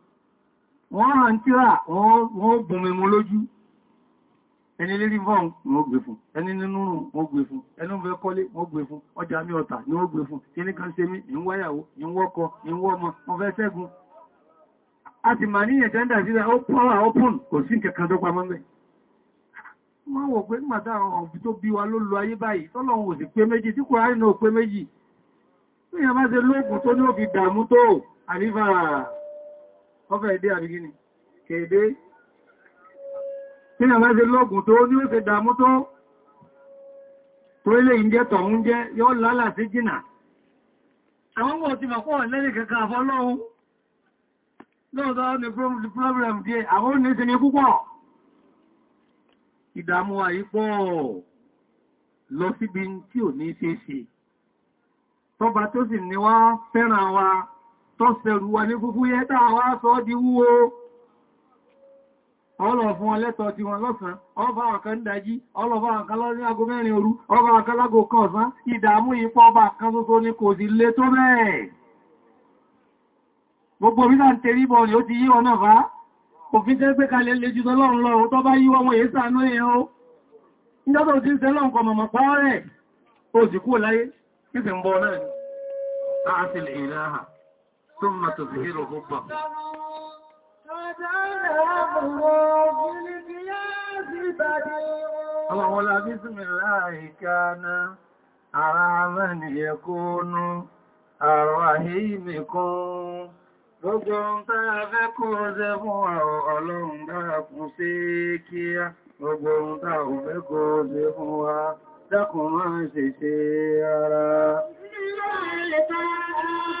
wọ́n hàn tí rà wọ́n bùnmi mú lójú ẹni lérí vọ́n ni ó gbé fún ẹni nínú wọ́n gbé fún ẹni bẹ kọ́lé wọ́n gbé fún ọjà mi ọ̀tà ni ó gbé fún kí ní kan ṣe mí ní wáyàwó ní wọ́kọ ní wọ́mọ wọ́n fẹ́ ṣẹ́gun a ti máa níyàn jẹ́ndà sílẹ̀ ó pọ́wà open kò sí kẹkàn tó pamọ́ mẹ́ wọ́n wò ọfẹ́ èdè ni kèèdè tí àwọn ẹgbẹ́ lọ́gùn tó ní ó ṣe tó tó ilé ìjẹ́ tọ̀hún jẹ́ yóò lálà sí jìnà àwọn wọ́n ti mọ̀kọ́ lẹ́nì kankan àfọ́lọ́hun lọ́ọ̀dọ́ ni problem díẹ̀ àwọn ní lọ wa tó fẹ̀rù wa ní fúfú yẹ tàà wá sọ di wúwo ọlọ̀ fún ọlẹ́tọ̀ ti wọn lọ́sàn ọba ọ̀kan dájí ọlọ́ba ọ̀kan lọ ní ago mẹ́rin òru ọba ọ̀kan lágo kan ọ̀sán ìdààmú ipọ̀ ọba kan ṣoṣo ni kò sí lé tó bẹ́ẹ̀ gbogbo orí náà tẹ̀rí bọ̀ ni ó ti yí wọn náà bá òfin tẹ́ pé kalẹ̀ lè jù tọ́lọ́run lọ tó bá yí wọn wọ́n èé sàánú èèyàn ó nígbàtọ̀ tí ń sẹ́lọ́n kọ mọ̀mọ̀ pọ́ rẹ̀ ó sì kú ثم تظهر حبه أولا بسم الله كان أرى من يكون الرحيم كن Gbogbo ń tàà fẹ́ kó ṣe fún àwọn ọlọ́run dákùn sí kíá, gbogbo ń tàà fẹ́ kó ṣe fún wa, dákùn máa ṣe ṣe ara. Ìlú ìlú ìlú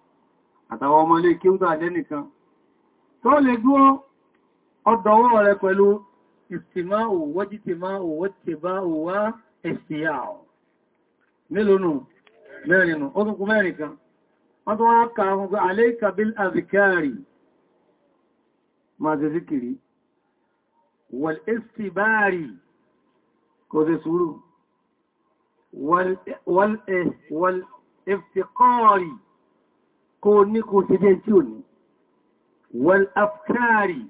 àtàwọn ọmọ ilé kí ó dáadé nìkan tó lè dúró ọdọ̀wọ́ rẹ pẹ̀lú ìsìnmá òwò jítìmá òwò tìbá òwá ẹ̀sìyà nílùú mẹ́rin ó tún kú mẹ́rin kan wọ́n tó wá ka ahun pé azikari ma kó ní kó ṣe jẹ́ tí ò ní wal afkari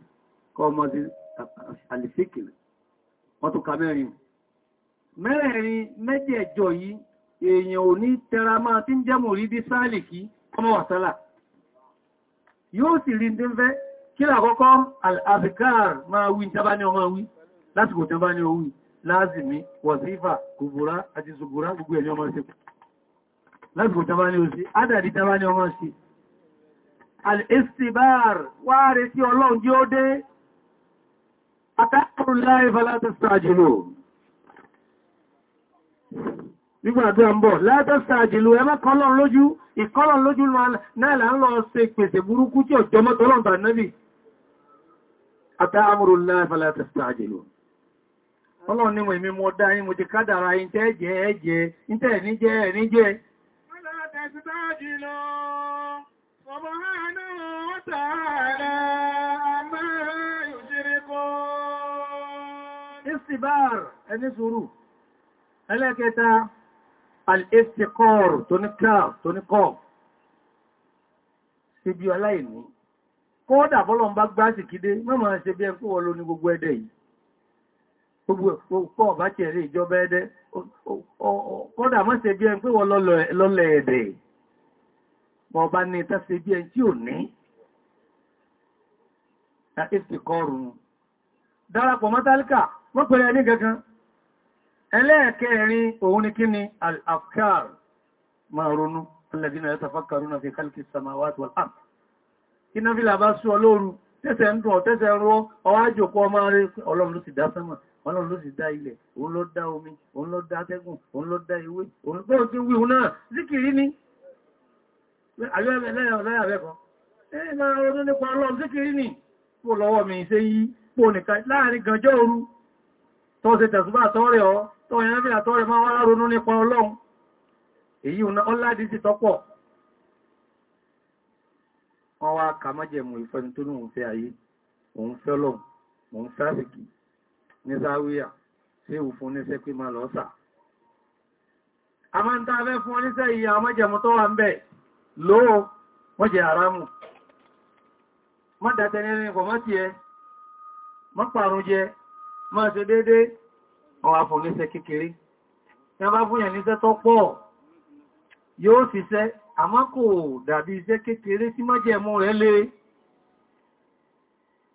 kọ mọ́sí alifikiri wọ́n tó ka mẹ́rin mẹ́rin mẹ́jẹ̀ẹ̀jọ yìí èèyàn ò ní tẹra máa tí ń jẹ́mù rí bí sáàlìkì ọmọ wàsálà yóò sì rí tí ń fẹ́ kí làkọ́kọ́ al-afkar máa wí tẹ́bá ní ọmọ wí lásìkò tẹ́bá ní owí lázìmí wọ̀sífà kùbùrá àti ṣùgbùrá gbogbo ẹ̀yọ́ ọmọ ṣepù lọ́gbùn tàbá ní òsì ádàdì tàbá ní ọmọ sí al-istibar wá rẹ̀ sí ọlọ́run jí ó dé atákùrù láì falátẹ́sàjìlò nígbàtí àmbọ̀ látẹ́sàjìlò ẹmọ́ kọlọ̀n lójú ìkọlọ̀n lójú náà là ń lọ ṣe pèsè burúkú tí ọjọ́ mọ́tọ́lọ́ntà náàbì atákùrù láì falátẹ́sàjìlò ọlọ́run ní mo ìmí mọ́ dá yín mo ti kádàrà yín tẹ́ jẹ́ ẹ̀jẹ́ يستعجلون سبحانه وتعالى عما يشركون استبار ẹni sùúrù ẹlẹ́kẹta al-iftikor tó ní káà tó ní kọ́ síbi aláìní kódà bọ́lọ̀ ń bá gbásìkídé mọ́ máa ṣe bí ẹkú wọ́n ló ní gbogbo ẹ̀dẹ̀ yìí gbogbo ọ̀bá ti ẹ̀rẹ́ ìjọba ẹ̀dẹ́ kọ́dà mọ́ ṣe bí ẹn pé wọ́n lọ́lẹ̀ ẹ̀dẹ̀ mọ̀ bá ní ìta ṣe bí ẹn tí ò ní ìfì kọrùn darapọ̀ mọ́tálíkà mọ́ pẹ̀lẹ̀ ní gẹ́gán ẹlẹ́ẹ̀kẹ́rin òun ni kí ni al-afkar ma ronú alladhina yatafakkaruna fi khalqis samawati wal ard kí náà fi tẹ́sẹ̀ ń dùn ọ̀tẹ́sẹ̀ rọ́ ọwájò kọ́ ọmọ rẹ̀ ọlọ́run ló ti dá sánmà ọlọ́run ló sì dá ilẹ̀ òun ló dá omi òun ló dá atẹ́gùn òun ló dá ewé òun bó ti wí òun náà síkìrí ni èyí ọládìí sí tọ́pọ̀ wọ́n wá kà májẹ̀mù ìfẹ́ni tó ní òun fẹ́ ayé òun fẹ́ lọ́wọ́ òun fẹ́ àsìkì ní záwíyà sí òfin oníṣẹ́ pé máa lọ́sà a máa ń tàbẹ́ fún oníṣẹ́ iye àmọ́jẹmú tó wà ń bẹ̀ lóò wọ́n jẹ àrámù má dátẹ́ nínú ikọ̀ mọ́ ti ẹ má pàrún jẹ má ṣe dédé ọwà fún oníṣẹ́ kékeré tí a bá fún yẹn tó pọ̀ yóò ṣiṣẹ́ àmọ́ kò dàbí iṣẹ́ kékeré tí májẹ̀mú rẹ̀ lé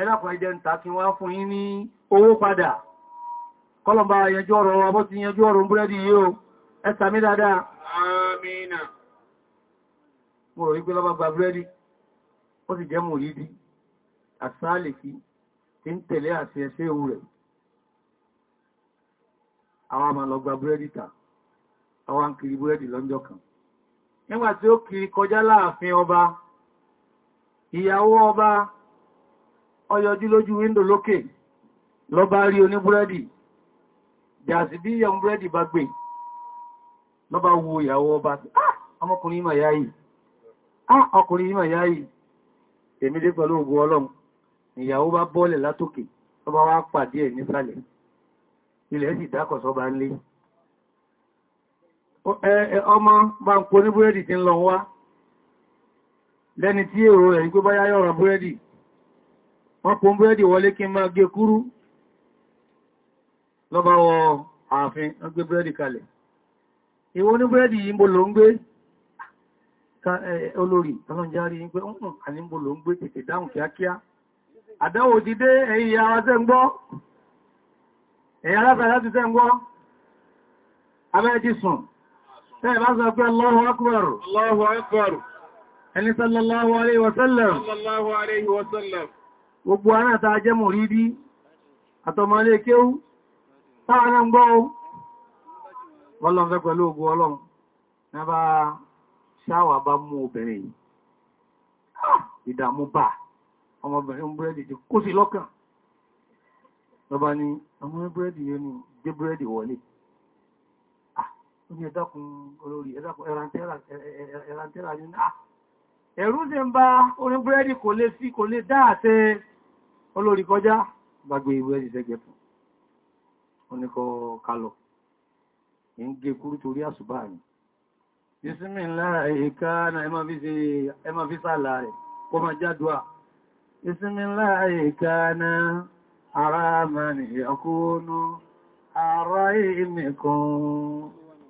ẹlápọ̀ ẹjẹ́ ń tàkí wá fún ní owó padà kọlọ̀mbà yẹjú ọ̀rọ̀ ọbọ́ ti yẹjú ọ̀rọ̀ búrẹ́dì ihe o ẹta mi dáadáa Amina. pé gba búrẹ́dì ó sì jẹ́ mò yí di àsáàlèkí tí ń tẹ̀lé àti rẹ̀ àwọn lọ gba búrẹ́dì ta àwọn kiri búrẹ́dì ọba ìyàwó ọba ọyọjú lójú windo lókè lọ bá rí oní búrẹ́dì jàzì bí ìyàwó búrẹ́dì bá gbé lọ bá ọba ah! ọmọkùnrin ìmọ̀ yá ọkùnrin ìmọ̀ yá yìí ah! pẹ̀lú ògùn ọlọ́run ìyàwó bá bọ́ọ̀lẹ̀ ọmọ lẹ́ni tí èrò rẹ̀ ní pé wọ́n pọ̀ búrẹ́dì wọlé kí máa gé kúrú lọ́bá wọ ààfin wọ́n gbé búrẹ́dì kalẹ̀ ìwọ ní búrẹ́dì yìí mbò ló ń gbé olórí ọlọ́njárí ń pé ọ̀hún àní mbò ló ń gbé tètè dáhùn kíákíá àdáwò ti dé ẹ̀yìn ìyá wa tẹ́ ń gbọ́ ẹ̀yà alábẹ̀rẹ̀ ti tẹ́ ń gbọ́ Akbar Allahu Akbar ẹni sallallahu alaihi wasallam sallallahu alaihi wasallam gbogbo aná ta jẹ́ mò rírí àtọmọlé kéhù táà náà ń gbọ́ ọlọ́run fẹ́ pẹ̀lú ogun ọlọ́run ní bá ṣáwà bá mú obìnrin ìdàmú bá ọmọbìnrin búrẹ́dì ti kó sí lọ́kàn lọ́bá ni ọmọ búrẹ́dì yóò ní gbé búrẹ́dì wọlé ẹ̀dàkùn olórí ẹ̀dàkùn ẹ̀rantẹ́rà ní ẹ̀rú olórí kọjá gbàgbé ìwé ẹ̀sì sẹ́gbẹ̀ fún oníkọ kalọ̀ ń gé kúrú torí àṣùbá ni ìsinmi ńlá èèká na ẹmà fi sàlà rẹ̀ kó ma jádùá ìsinmi ńlá èèká na ara mani ọkúnú ara ìmìkan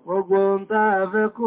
gbogbo ń tàà fẹ́ kó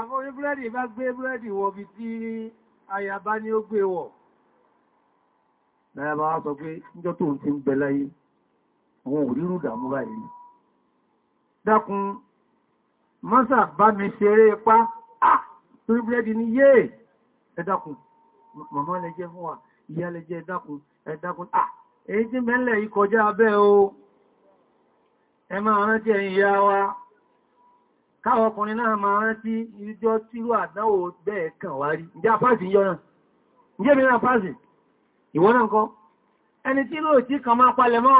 Àwọn orí búrẹ́dì bá gbé búrẹ́dì wọ bí tí àyàbá ní ó gbé wọ̀. Láyàbá wá sọ pé níjọ́ tó ń ti ń bẹ láyé, wọn ò rírù dàmú báyìí. Dákun, mọ́sà bá mi ṣeré ipá, ah, torí búrẹ́dì ni yéè. ẹ dákun lẹ jẹ́ fún wa ìyá lẹ jẹ́ à èyí tí mẹ́lẹ̀ ìkọjá abẹ́ o ẹ máa rántí ẹ̀yìn ìyá wa náà máa rántí ìjọ bẹ́ẹ̀ kàn wá rí ǹjẹ́ yọ náà ǹjẹ́ mi náà ìwọ náà kọ́ ẹni tí ló máa palẹ̀ mọ́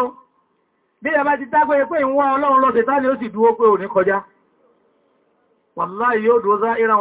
bí ti dágbé pé ọlọ́run lọ́sẹ̀ tá ni ó ní kọjá wàláhì yóò dúró ìran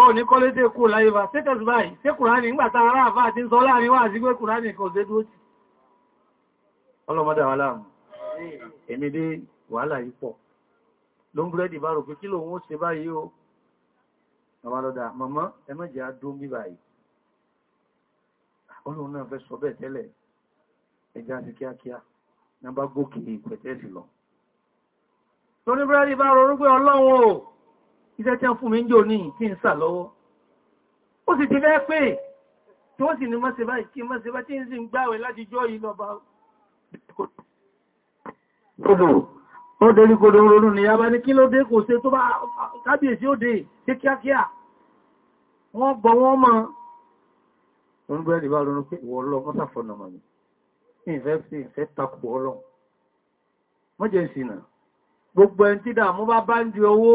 ó ní kọ́lé tí kú láyé bá status báyìí tí kùránì nígbàtà ará àfá àti sọ láàrin wà sí pé kùránì kò sé dúó tí ọlọ́mọdé wàhálà èmi dé wàhálà yìí pọ̀ ló ń búrẹ́dì bá rò pé kí lòun ó ṣe báyìí o ọmọdọ́dà màmá ẹ má jẹ́ adó bí báyìí ọlọ́run iṣẹ́ tí wọ́n fún mi ń jò ní tí ń sà lọ́wọ́ ó sì ti fẹ́ pé tí wọ́n sì ní mọ́sẹ̀bá ìkí mọ́sẹ̀bá tí ń sì ń gbáwẹ̀ láti jọ yìí lọ bá odò ó ni yába ní kí ló dé kò ṣe tó bá kábíyèsí ó dé ṣe kíákíá wọ́n gbọ́ wọ́n mọ́ onígbẹ́rẹ̀ bá ronú pé ìwọ̀ lọ mọ́ta fọ́nà mọ̀ ní gbogbo ẹni tí dàmú bá bá ń di owó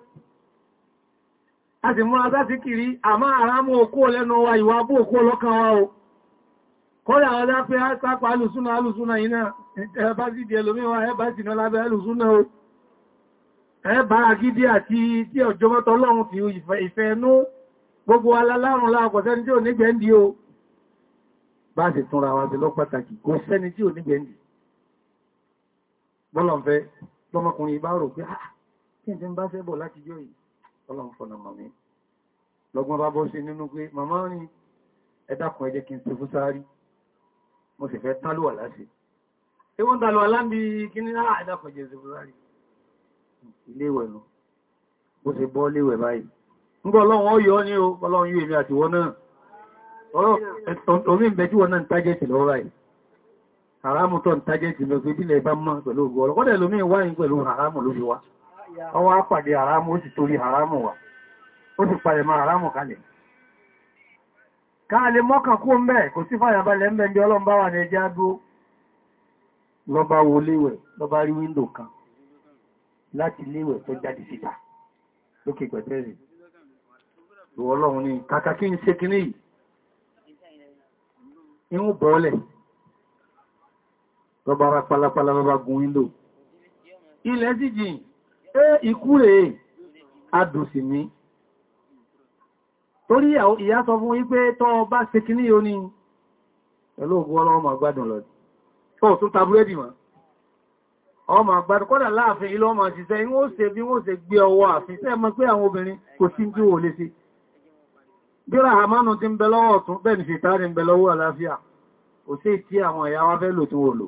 a sì múra sáti kiri àmá àrámọ́ okó lẹ́nu wa ìwà bó okó lọ́kàn wa o kọ́lá àwọn lápẹ́ sápa alùsúnà alùsúnà iná ẹ̀bá sí di ẹlòmíwà ẹ̀bá sì náà lábẹ́ alùsúnà o ẹ̀bá agídí àti tí ọjọ́ mọ́tọ́ lọ́run fi ìfẹ́ ẹnú gbogbo alálárùn láàkọ̀sẹ́ni tí ò nígbẹ̀ndì o bá sì túnra wa sí lọ pàtàkì kò sẹ́ni tí ò nígbẹ̀ndì bọ́lọ̀ ah, ti ń bá fẹ́ láti jọ yìí ọlọ́run fọ́nà màmí lọ́gbọ́n bá bọ́ sí nínú pé màmá ní ẹ̀dàkùn ẹjẹ́ kí n ti fúsárí mo sì fẹ́ tálùwà láṣẹ ewọ́n tálùwà láàbí ah, kí ní ẹ̀dàkùn ẹjẹ́ ti fúsárí o ọlọ́run yóò èmi àti wọ́n náà omi ń bẹjú wọn náà ń tájẹ́tì lọ́wọ́ báyìí haramu tó ń tájẹ́tì lọ sí ìbílẹ̀ ìbámọ́ pẹ̀lú ògbọ́ ọlọ́kọ́dẹ̀ lómi wáyìn pẹ̀lú haramu ló fi wá ọwọ́ pàdé haramu ó sì torí haramu wà ó sì palẹ̀ ma haramu kalẹ̀ káà lè mọ́kàn kó mẹ́ kò sí fàyàbalẹ̀ ń bẹ́ndé ọlọ́mbá ní ẹjá wo léwẹ̀ lọ́bá rí kan láti léwẹ̀ tó jáde síta lókè pẹ̀tẹ́rì n ilẹ̀ pé ikú rèé adùn sí ní torí ìyá sọ fún wípé tọ́ bá ṣe kí ní oní ẹ̀lú ògùn ọlọ́wọ́ ma gbádùn lọ tó tó ta búrẹ́dì wọn ọmọ àgbàdùn kọ́dà láàfin ilọ́ ọmọ àṣìṣẹ́ inú ó ṣe bí wọ́n ṣe gbé ọwọ́ àfisẹ́ mọ́ pé àwọn obìnrin kò sí jí wò lé wa fẹ́ lò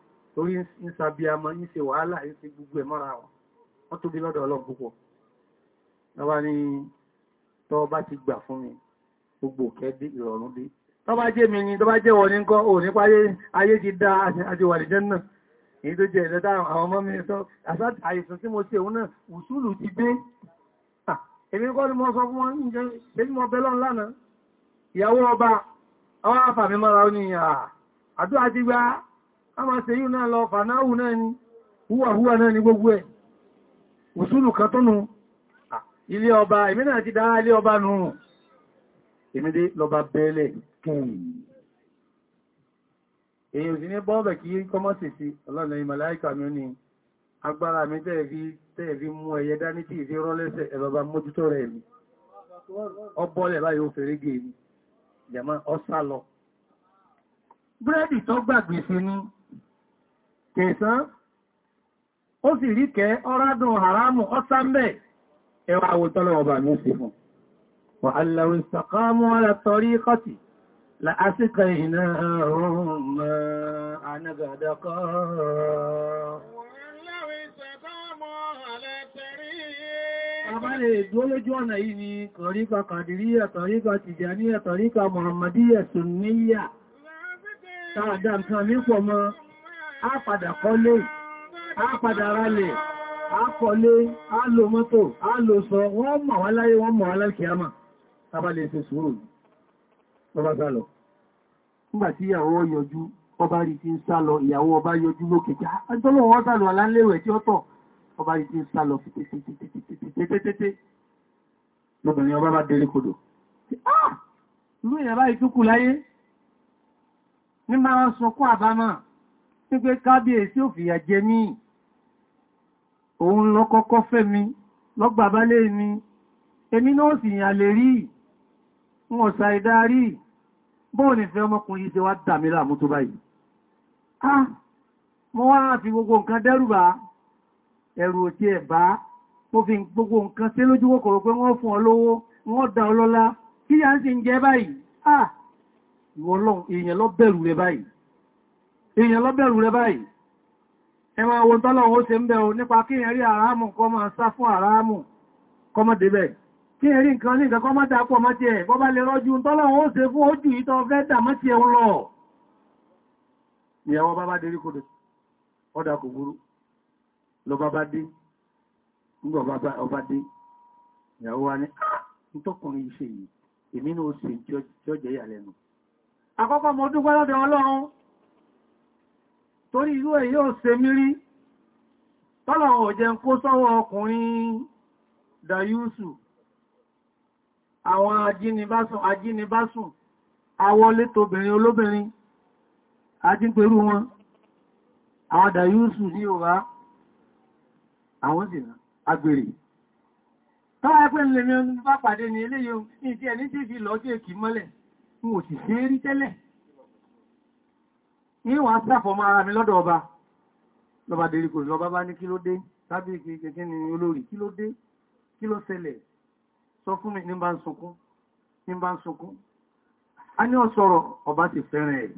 torí ń sàbí a máa ń ṣe wàhálà ń ṣe gbogbo ẹ̀ mọ́ra wọn wọ́n tóbi lọ́dọ̀ ọlọ́run púpọ̀ lọ́wọ́ ni tọ́ bá ti gbà fún mi gbogbo kẹ́ dé ìrọ̀rùn dé tọ́ bá jẹ́ mi ni tọ́ bá jẹ́ wọ́n ní kọ́ ò nípa ayé ti dá àjẹwà lè jẹ́ náà èyí tó jẹ́ ìdẹ́ta àwọn ọmọ mi sọ àìsàn tí mo ṣe ni mo sọ fún ó ní àdúrà ti gbá a máa ṣe yíò náà lọ fànáhù náà ni húwàhúwà náà ni gbogbo ẹ̀ òṣùlù kan tónú ilé ọba èmi náà ti dá ilé ọba nù èmìdé lọba bẹ́ẹ̀lẹ̀ kẹ́yìn èyàn sí ní bọ́ọ̀bẹ̀ kí kọmọ́sì sí ọlọ́nà ìmàláìkà mi ní agbára mi tẹ́ẹ̀fí mú ẹyẹ dání tí ìfẹ́ rọ́lẹ́sẹ̀ ẹ̀bàbà mójútó rẹ̀ mi ọbọ́lẹ̀ báyìí ó fèrè gẹ̀ẹ́ mi jẹ̀mọ́ ọ sá lọ búrẹ́dì tó gbàgbèsè ni kẹsàn ó sì rí kẹ ọ́rádùn haramu ọ́sánbẹ̀ ẹwà àwòtọ́lọ̀ ọba ní ṣe fún wà aláwọ̀ ìsàkámú alátọrí kọ́tì láásíkà ìná àrùn anágàdàkọ́ Àbálẹ̀ ìdúró lójú ọ̀nà yìí nǹkan ní pọ̀ mọ́ á padà kọ́lé á padà rálẹ̀ á kọ́lé á lo mọ́tò á lo sọ wọ́n mọ̀ wá láyé wọ́n mọ̀ wá lálkìyàmà tàbálẹ̀ ṣe sùúrù lọ́bá gálọ̀ nígbàtí ìyàwó yọjú ọba rí ti ń sá lọ ìyàwó ọba yọjú lókè tí àjọ́lọ̀ wọ́n sá lọ aláléwẹ̀ tí ó tọ̀ ọba rí ti ń sá lọ fìtẹ́tẹ́tẹ́tẹ́tẹ́tẹ́tẹ́ lọ́bìnrin ọba bá délé kodò lú ìyàbá ìtúkù láyé nígbà wọn sọkún àbámọ̀ pípé kábíyèsí ò fìyà jẹ mí òun lọ kọ́kọ́ fẹ́ mi lọ́gbà bálé mi èmi náà sì yàn lè rí wọn ṣà ìdarí bọ́ọ̀ ní ọmọkùnrin ṣe wá dàmí láàmú tó báyìí ah mo wá fi gbogbo nǹkan dẹ́rùbà ẹ̀rù òtí ẹ̀bá mo fi gbogbo nǹkan sí lójú kòkòrò pé wọ́n fún ọ wọ́n dá ọlọ́lá kí yà ń sì ń jẹ báyìí ah ìwọ̀lọ́ èèyàn lọ bẹ̀rù rẹ báyìí èèyàn lọ́bẹ̀rù rẹ báyìí ẹ máa wo tọ́lọ̀wọ́ ṣe ń bẹ̀rù nípa kí èèyàn rí àrámù kọ máa sá fún àrámù kọmọdé bẹ̀ kí èèyàn rí nǹkan ní nǹkan kọmọdé àpọ̀ mọ́tí ẹ̀ bọ́bá lè rọ́jú tọ́lọ̀wọ́ ṣe fún ojú ìtọ́ fẹ́ dà ẹ̀ lọ ìyàwó torí irú ẹ̀ yóò ṣe mírí tọ́lọ̀wọ̀ jẹ kó sọ́wọ́ ọkùnrin dayúsù àwọn ajínibásùn ajínibásùn awọlé tóbìnrin olóbìnrin ajínpẹ̀rú wọn àwọn dayúsù ní òwá àwọn ìsìnà agbèrè tọ́wọ́ ẹgbẹ́ ilẹ̀ mi bá pàdé ní eléyìí ní ìdí ẹni tí ìfì lọ́jọ́ èkì mọ́lẹ̀ fún òṣìṣẹ́ rí tẹ́lẹ̀ ní wà sáfọ́ máa mi lọ́dọ̀ ọba lọba dèrí kò lọba bá ní kí ló dé tàbí kìí ni olórí kí ló dé kí ló ṣẹlẹ̀ sọ fún mi ní bá ń sunkún ní bá ń sunkún a ní ọ̀sọ̀rọ̀ ọba ti fẹ́ràn ẹ̀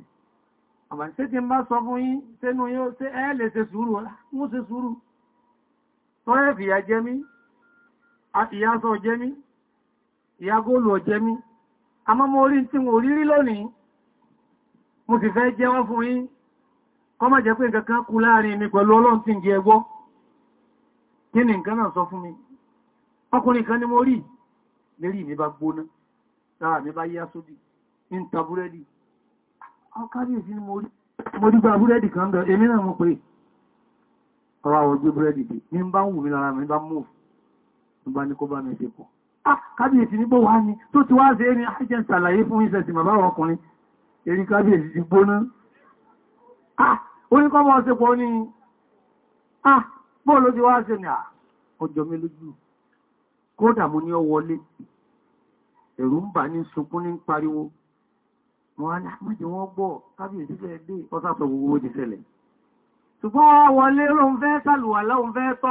àbà ṣé tí ń bá sọ fún yín sẹ́nu yóò ṣe mo sì fẹ́ jẹ́ wọ́n fún yín kọ́ má jẹ́ pé nǹkan kan kú láàrin mi pẹ̀lú ọlọ́run tí ń jẹ ẹgbọ́ kí ni nǹkan náà sọ fún mi ọkùnrin kan ni mo rí lérí mi bá gbóná lára mi bá yá sódì ń ta búrẹ́dì ọkábíyèsí ni mo rí gba búrẹ́dì kan dọ̀ èmi náà mo pé ọwọ́ àwọn gbé búrẹ́dì dé ní bá wù mí lára mi bá mú òfin bá ní kó bá mi ṣe pọ̀ ah, kábíyèsí ní bó wá ní tó ti wá ṣe é ní àjẹ́ ìsàlàyé fún ìṣẹ̀sìn bàbá ọkùnrin èyí kábíyèsí ti gbóná oní kọmọ ṣe pọ̀ ní bọ́ọ̀lọ́ ti wá ṣe ní ọjọ́ mélójú kódà mo ní ọ wọlé ẹ̀rù ń bà ní sunkún ní pariwo wọ́n á lámọ́jẹ́ wọ́n gbọ́ kábíyèsí fẹ́ dé ọ́sàtọ̀ gbogbo ti ṣẹlẹ̀ ṣùgbọ́n wọlé ló ń fẹ́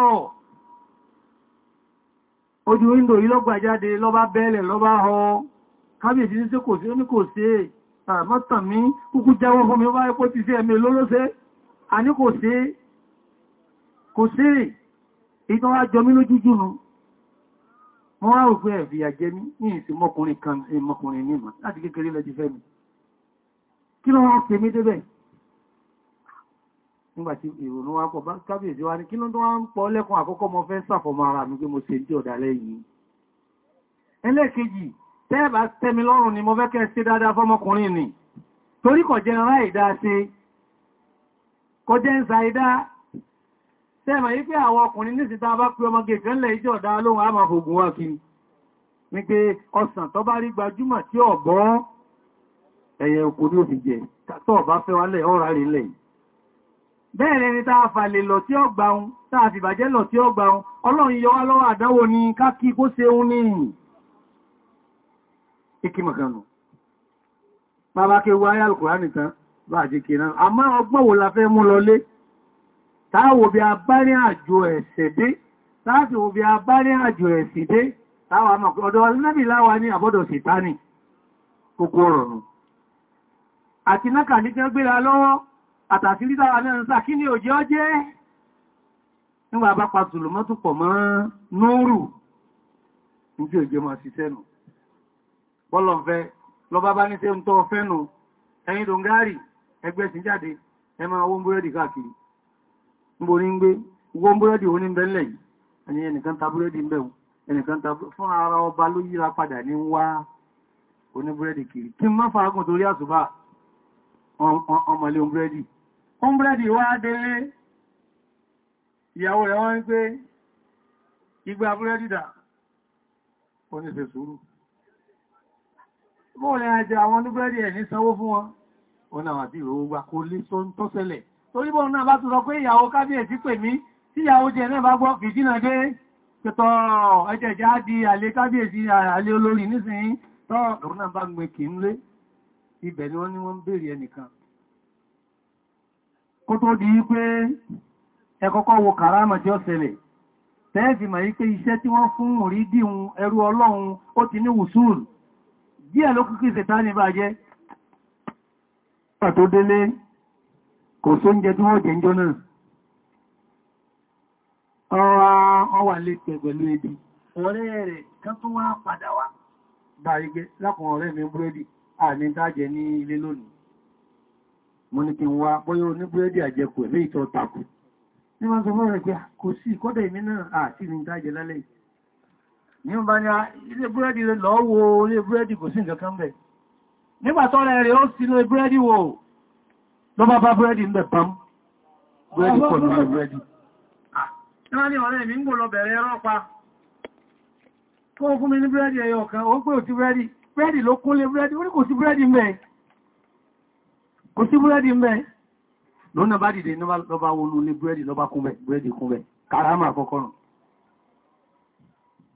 họ kábíyèsí ní sí kò sí ó ní kò sí àmọ́tàn mi kúkú jẹ́wọ́ fún mi wá ẹ̀pọ̀ ti sí ẹ̀mẹ́ lólóṣẹ́ a ní kò sí kò sí ìtàn àjọ mi lójú jùnú wọ́n wá òfin ẹ̀fì àjẹ́ mi ní ìsìn mọ́kùnrin kan mọ́kùnrin ní ìmọ̀ láti kékeré lẹ ti fẹ́ mi kí ló wọ́n pè mí débẹ̀ nígbàtí ìrònú wá pọ̀ bá kábíyèsí wá ní kí ló tó wá ń pọ̀ lẹ́kùn àkọ́kọ́ mo fẹ́ sàfọ̀mọ́ ara mi pé mo ṣe ń tí ọ̀dà lẹ́yìn ẹlẹ́ẹ̀kejì tẹ́ẹ̀bà tẹ́mi lọ́rùn ni mo fẹ́kẹ́ sí dáadáa fọ́mọkùnrin ni torí kọ̀ jẹ́ rárá ìdá sí kọ jẹ́ ń sa ìdá tẹ́ẹ̀mà yí pé àwọn ọkùnrin ní síta bá pé ọmọge ìfẹ́lẹ̀ ìjọ ọ̀dá lóhun àmà fògùn wá kí ní pé ọsàn tó bá rí gbajúmọ̀ tí ni tá a fà lè lọ tí ọgbà un tá a fìbàjẹ́ lọ ikima kanu bàbá kí wá yà alùkùrá nìtàn bá jẹ́ kí náà a máa ọgbọ́n wò la fẹ́ mú lọlé táwò bí a bá ní àjò ẹ̀sẹ̀ dé láti wò bí a bá ní àjò ẹ̀sìn dé táwà mọ̀ ọ̀dọ̀ nábì láwa ní àbọ́dọ̀ sìtánì kókó rọrùn àti náà ní kí gbéra lọ́wọ́ àtàfi lítàwà náà ń sà kí ni òjò jẹ́ nígbà pa tùlùmọ́tù pọ̀ mọ́ nóòrù ní tí òjò máa ṣiṣẹ́ bọ́lọ̀ fẹ́ lọba bá ní tẹ́ ń tọ́ fẹ́nu ẹ̀yìn tó ń gáàrì ẹgbẹ́ sí jáde ẹ máa wọ́n búrẹ́dì káàkiri níbo ní ń gbé wọ́n búrẹ́dì ó ní ń bẹ́lẹ̀ yìí ẹni ẹnìkan ta búrẹ́dì ń bẹ̀wò ẹnìkan ta fún ara ọba ló yíra padà ní wá oníbúrẹ́dì kiri ìyàwó rẹ̀ wọ́n ń pé igba búrẹ́dì dà ó ní ṣe sùúrù mọ́rin ajẹ́ àwọn oníbẹ́rì ẹ̀ ní sanwó fún wọn wọn náà àti ìrò wa kò lè tó ń tọ́sẹ̀lẹ̀ torí bọ́n náà bá tún sọ pé ìyàwó kábíyèsí pè mí tí ìyàwó jẹ náà bá gbọ́ fìdínà dé pẹ̀tọ̀ ẹjẹ̀jẹ̀ á di àlè kábíyèsí àlè olórí nísìnyí tọ́ lòun náà bá gbé kì ń lé ibẹ̀ ni wọ́n ní wọ́n ń béèrè ẹnìkan kó tó di pé ẹ kọ́kọ́ wo kàrámà tí ó ṣẹlẹ̀ tẹ́ẹ̀fì mà yí pé iṣẹ́ tí wọ́n fún díẹ̀ ló kúkú ní bá jẹ́ pàtó délé kò sóúnjẹ tí wọ́n jẹ́ ń jọ náà wọ́n lè tẹ̀ pẹ̀lú ebi ọ̀rẹ́ rẹ̀ kan tó wá padà wá dárígẹ́ lápọ̀ ọ̀rẹ́ mi búrẹ́dì àní dájẹ ní ilé lónìí mo ní kí ní bá ní ah, ilé búrẹ́dì rẹ̀ lọ́wọ́ ilé búrẹ́dì kò sí nǹkan bẹ̀. nígbà tó rẹ̀ rẹ̀ ó sí ilé búrẹ́dì wò ló bá bá búrẹ́dì ń bẹ̀ pam búrẹ́dì pọ̀ nínú búrẹ́dì. Ah. ní ọ̀rẹ́ mi ń gbò lọ bẹ̀rẹ̀ ẹran pa kó fún mi ní búrẹ́dì ẹyọ kan ó pé òtí búrẹ́dì búrẹ́dì ló kúnlé búrẹ́dì ó ní kò sí búrẹ́dì ń bẹ̀ kò sí búrẹ́dì ń bẹ̀ lónà bá dìde lọ́ba wọlú ilé búrẹ́dì lọ́ba kún bẹ̀ búrẹ́dì kún bẹ̀ kàrámà àkọ́kọ́rùn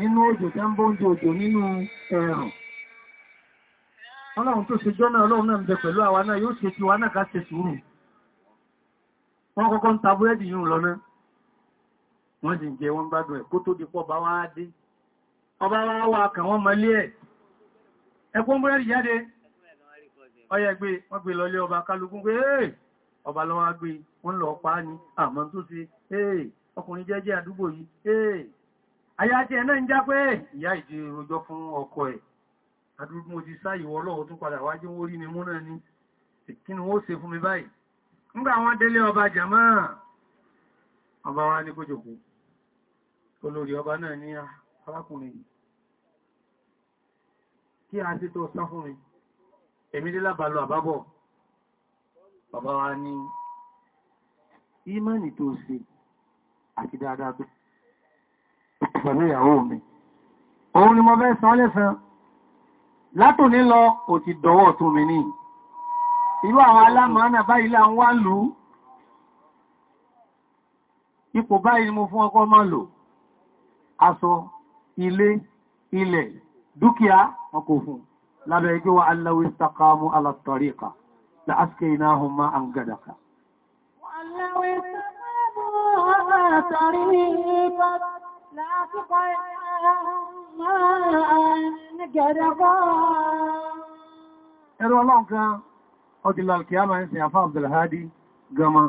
nínú òjò tẹ́ ń bóúnjẹ òjò nínú ẹ̀rùn ọlọ́run tó ṣe jọ́nà ọlọ́run náà ń bẹ pẹ̀lú àwa náà yóò ṣe ti wa náà ká ṣe sùúrù wọ́n kọ́kọ́ ń ta búrẹ́dì yìí lọ́nà wọ́n sì ń jẹ wọ́n gbádùn ẹ̀ kó tó di pọ̀ bá wá dé ọba wá wọ́n á ní ọkùnrin jẹ́jẹ́ àdúgbò yìí ẹ̀ àyájẹ́ ẹ̀nà ń já pé ìyá ìdí rojọ́ fún ọkọ ẹ̀ àdúgbò ti sáyìwọ́ ọlọ́run tún padà wájú orí mi múnà ní kí ni wọ́n ṣe fún mi báyìí nígbà wọ́n délé ọba jàmá ọba wá ní kójòkó olórí ọba náà ní arákùnrin kí a ti tó sán fún mi èmi dé lábàlọ àbábọ̀ bàbá wa ní ìmánì tó ṣe àti dáadáa tó pẹ̀lú ìyàwó mi òun ni mo fẹ́ sọ lẹ́sàn látò ní lọ ò ti dọ̀wọ́ tó mi ní irú àwọn alámọ̀ánà báyìí là ń wá lù ú ipò báyìí ni mo fún ọkọ máa lò aṣọ ilé ilẹ̀ dúkìá ọkọ̀ òfin lábẹ́ ẹgbẹ́ wa aláwọ̀ istaqamu ala tariqa la asqaynahum ma'an ghadaqa Wa Ẹ̀rọ ọlọ́run kan, ọdílọ alkiyama ń sin àfá Abdulhadi gama,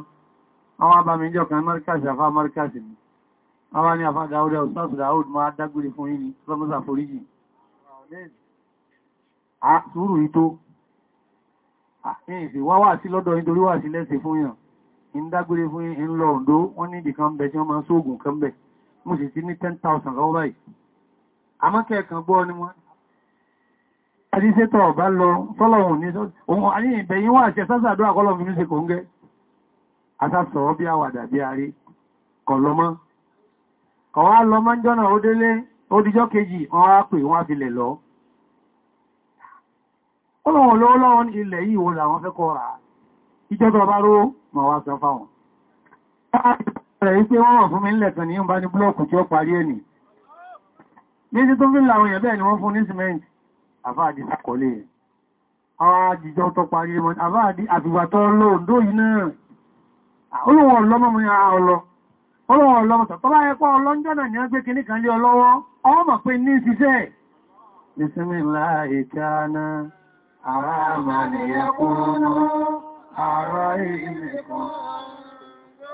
àwọn abàmì ìjọ kan Markaz àfá Markaz ni, àwọn ni àfá Dáúdá Ustaz Dáúd máa dágbére fún yìí lọ́mọ́sà foríjì. A túrù ìtó, ẹ̀yìn sí wá wà sí lọ́dọ̀ nítorí wà sí lẹ́sẹ̀ fún yàn, ń dágbére fún yìí ń lọ òǹdó, mo sì ti ní 10,000 lọ́wọ́ báyìí àmọ́kẹ́ ẹ̀kan gbọ́ ni wọ́n àdíṣẹ́tọ̀ ọ̀bá lọ tọ́lọ̀hùn ní ohun àníyàn ìbẹ̀yìn wà ṣe sásàdó àkọlọ̀ mi ní ṣe kò ń gẹ́ àsásọ̀ọ́ bí àwàdà bí arí kọ̀ lọ́mọ́ kọ̀ wá lọ́mọ́ jọ́nà ó délé ó dijọ́ kejì wọ́n á pè wọ́n á fi lẹ̀ lọ ọlọ́wọ̀n lọ́wọ́ lọ́wọ́ ní ilẹ̀ yìí wọ́n làwọn fẹ́ kọ́ ra ìjọba bá ró mọ̀ wá sọ fáwọn rẹ̀ wípé wọ́n wọ̀ fún mi lẹ̀kan ní ọba ní blọ́ọ̀kù tí ó parí ẹni méjì tó fílà àwọn èèyàn bẹ́ẹ̀ ni wọ́n fún ní cement àfáàdì sàkọlé àjíjọ tó parí ẹmọ àfáàdì àfìgbà lóòdó yìí náà ọlọ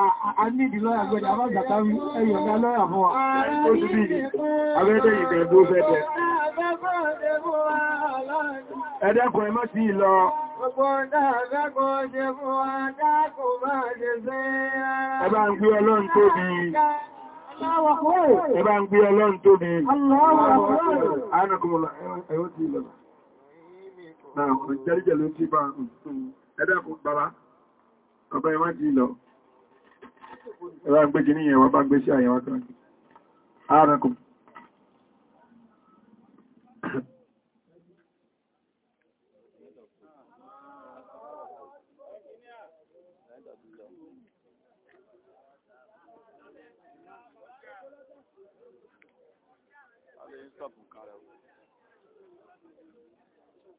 a nídi lọ́yà gbẹ́dẹ̀ àbájàtà rí ẹ̀yọ̀ ọ̀gá lọ́yà fún wa ó ti bí abẹ́dẹ̀ ìbẹ̀ẹ̀bú fẹ́ẹ̀tẹ̀ ẹ̀dẹ́kùn ẹmọ́ sí ìlọ ẹbá ń gbé ọlọ́run tóbi ẹbá eh, ń gbé ọlọ́run tóbi ánàkùnmọ̀lá ẹwà gbéjì ní ẹwà bá gbé sí àyẹ̀wà kan ààrẹkùn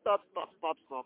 Stop, stop, stop, stop.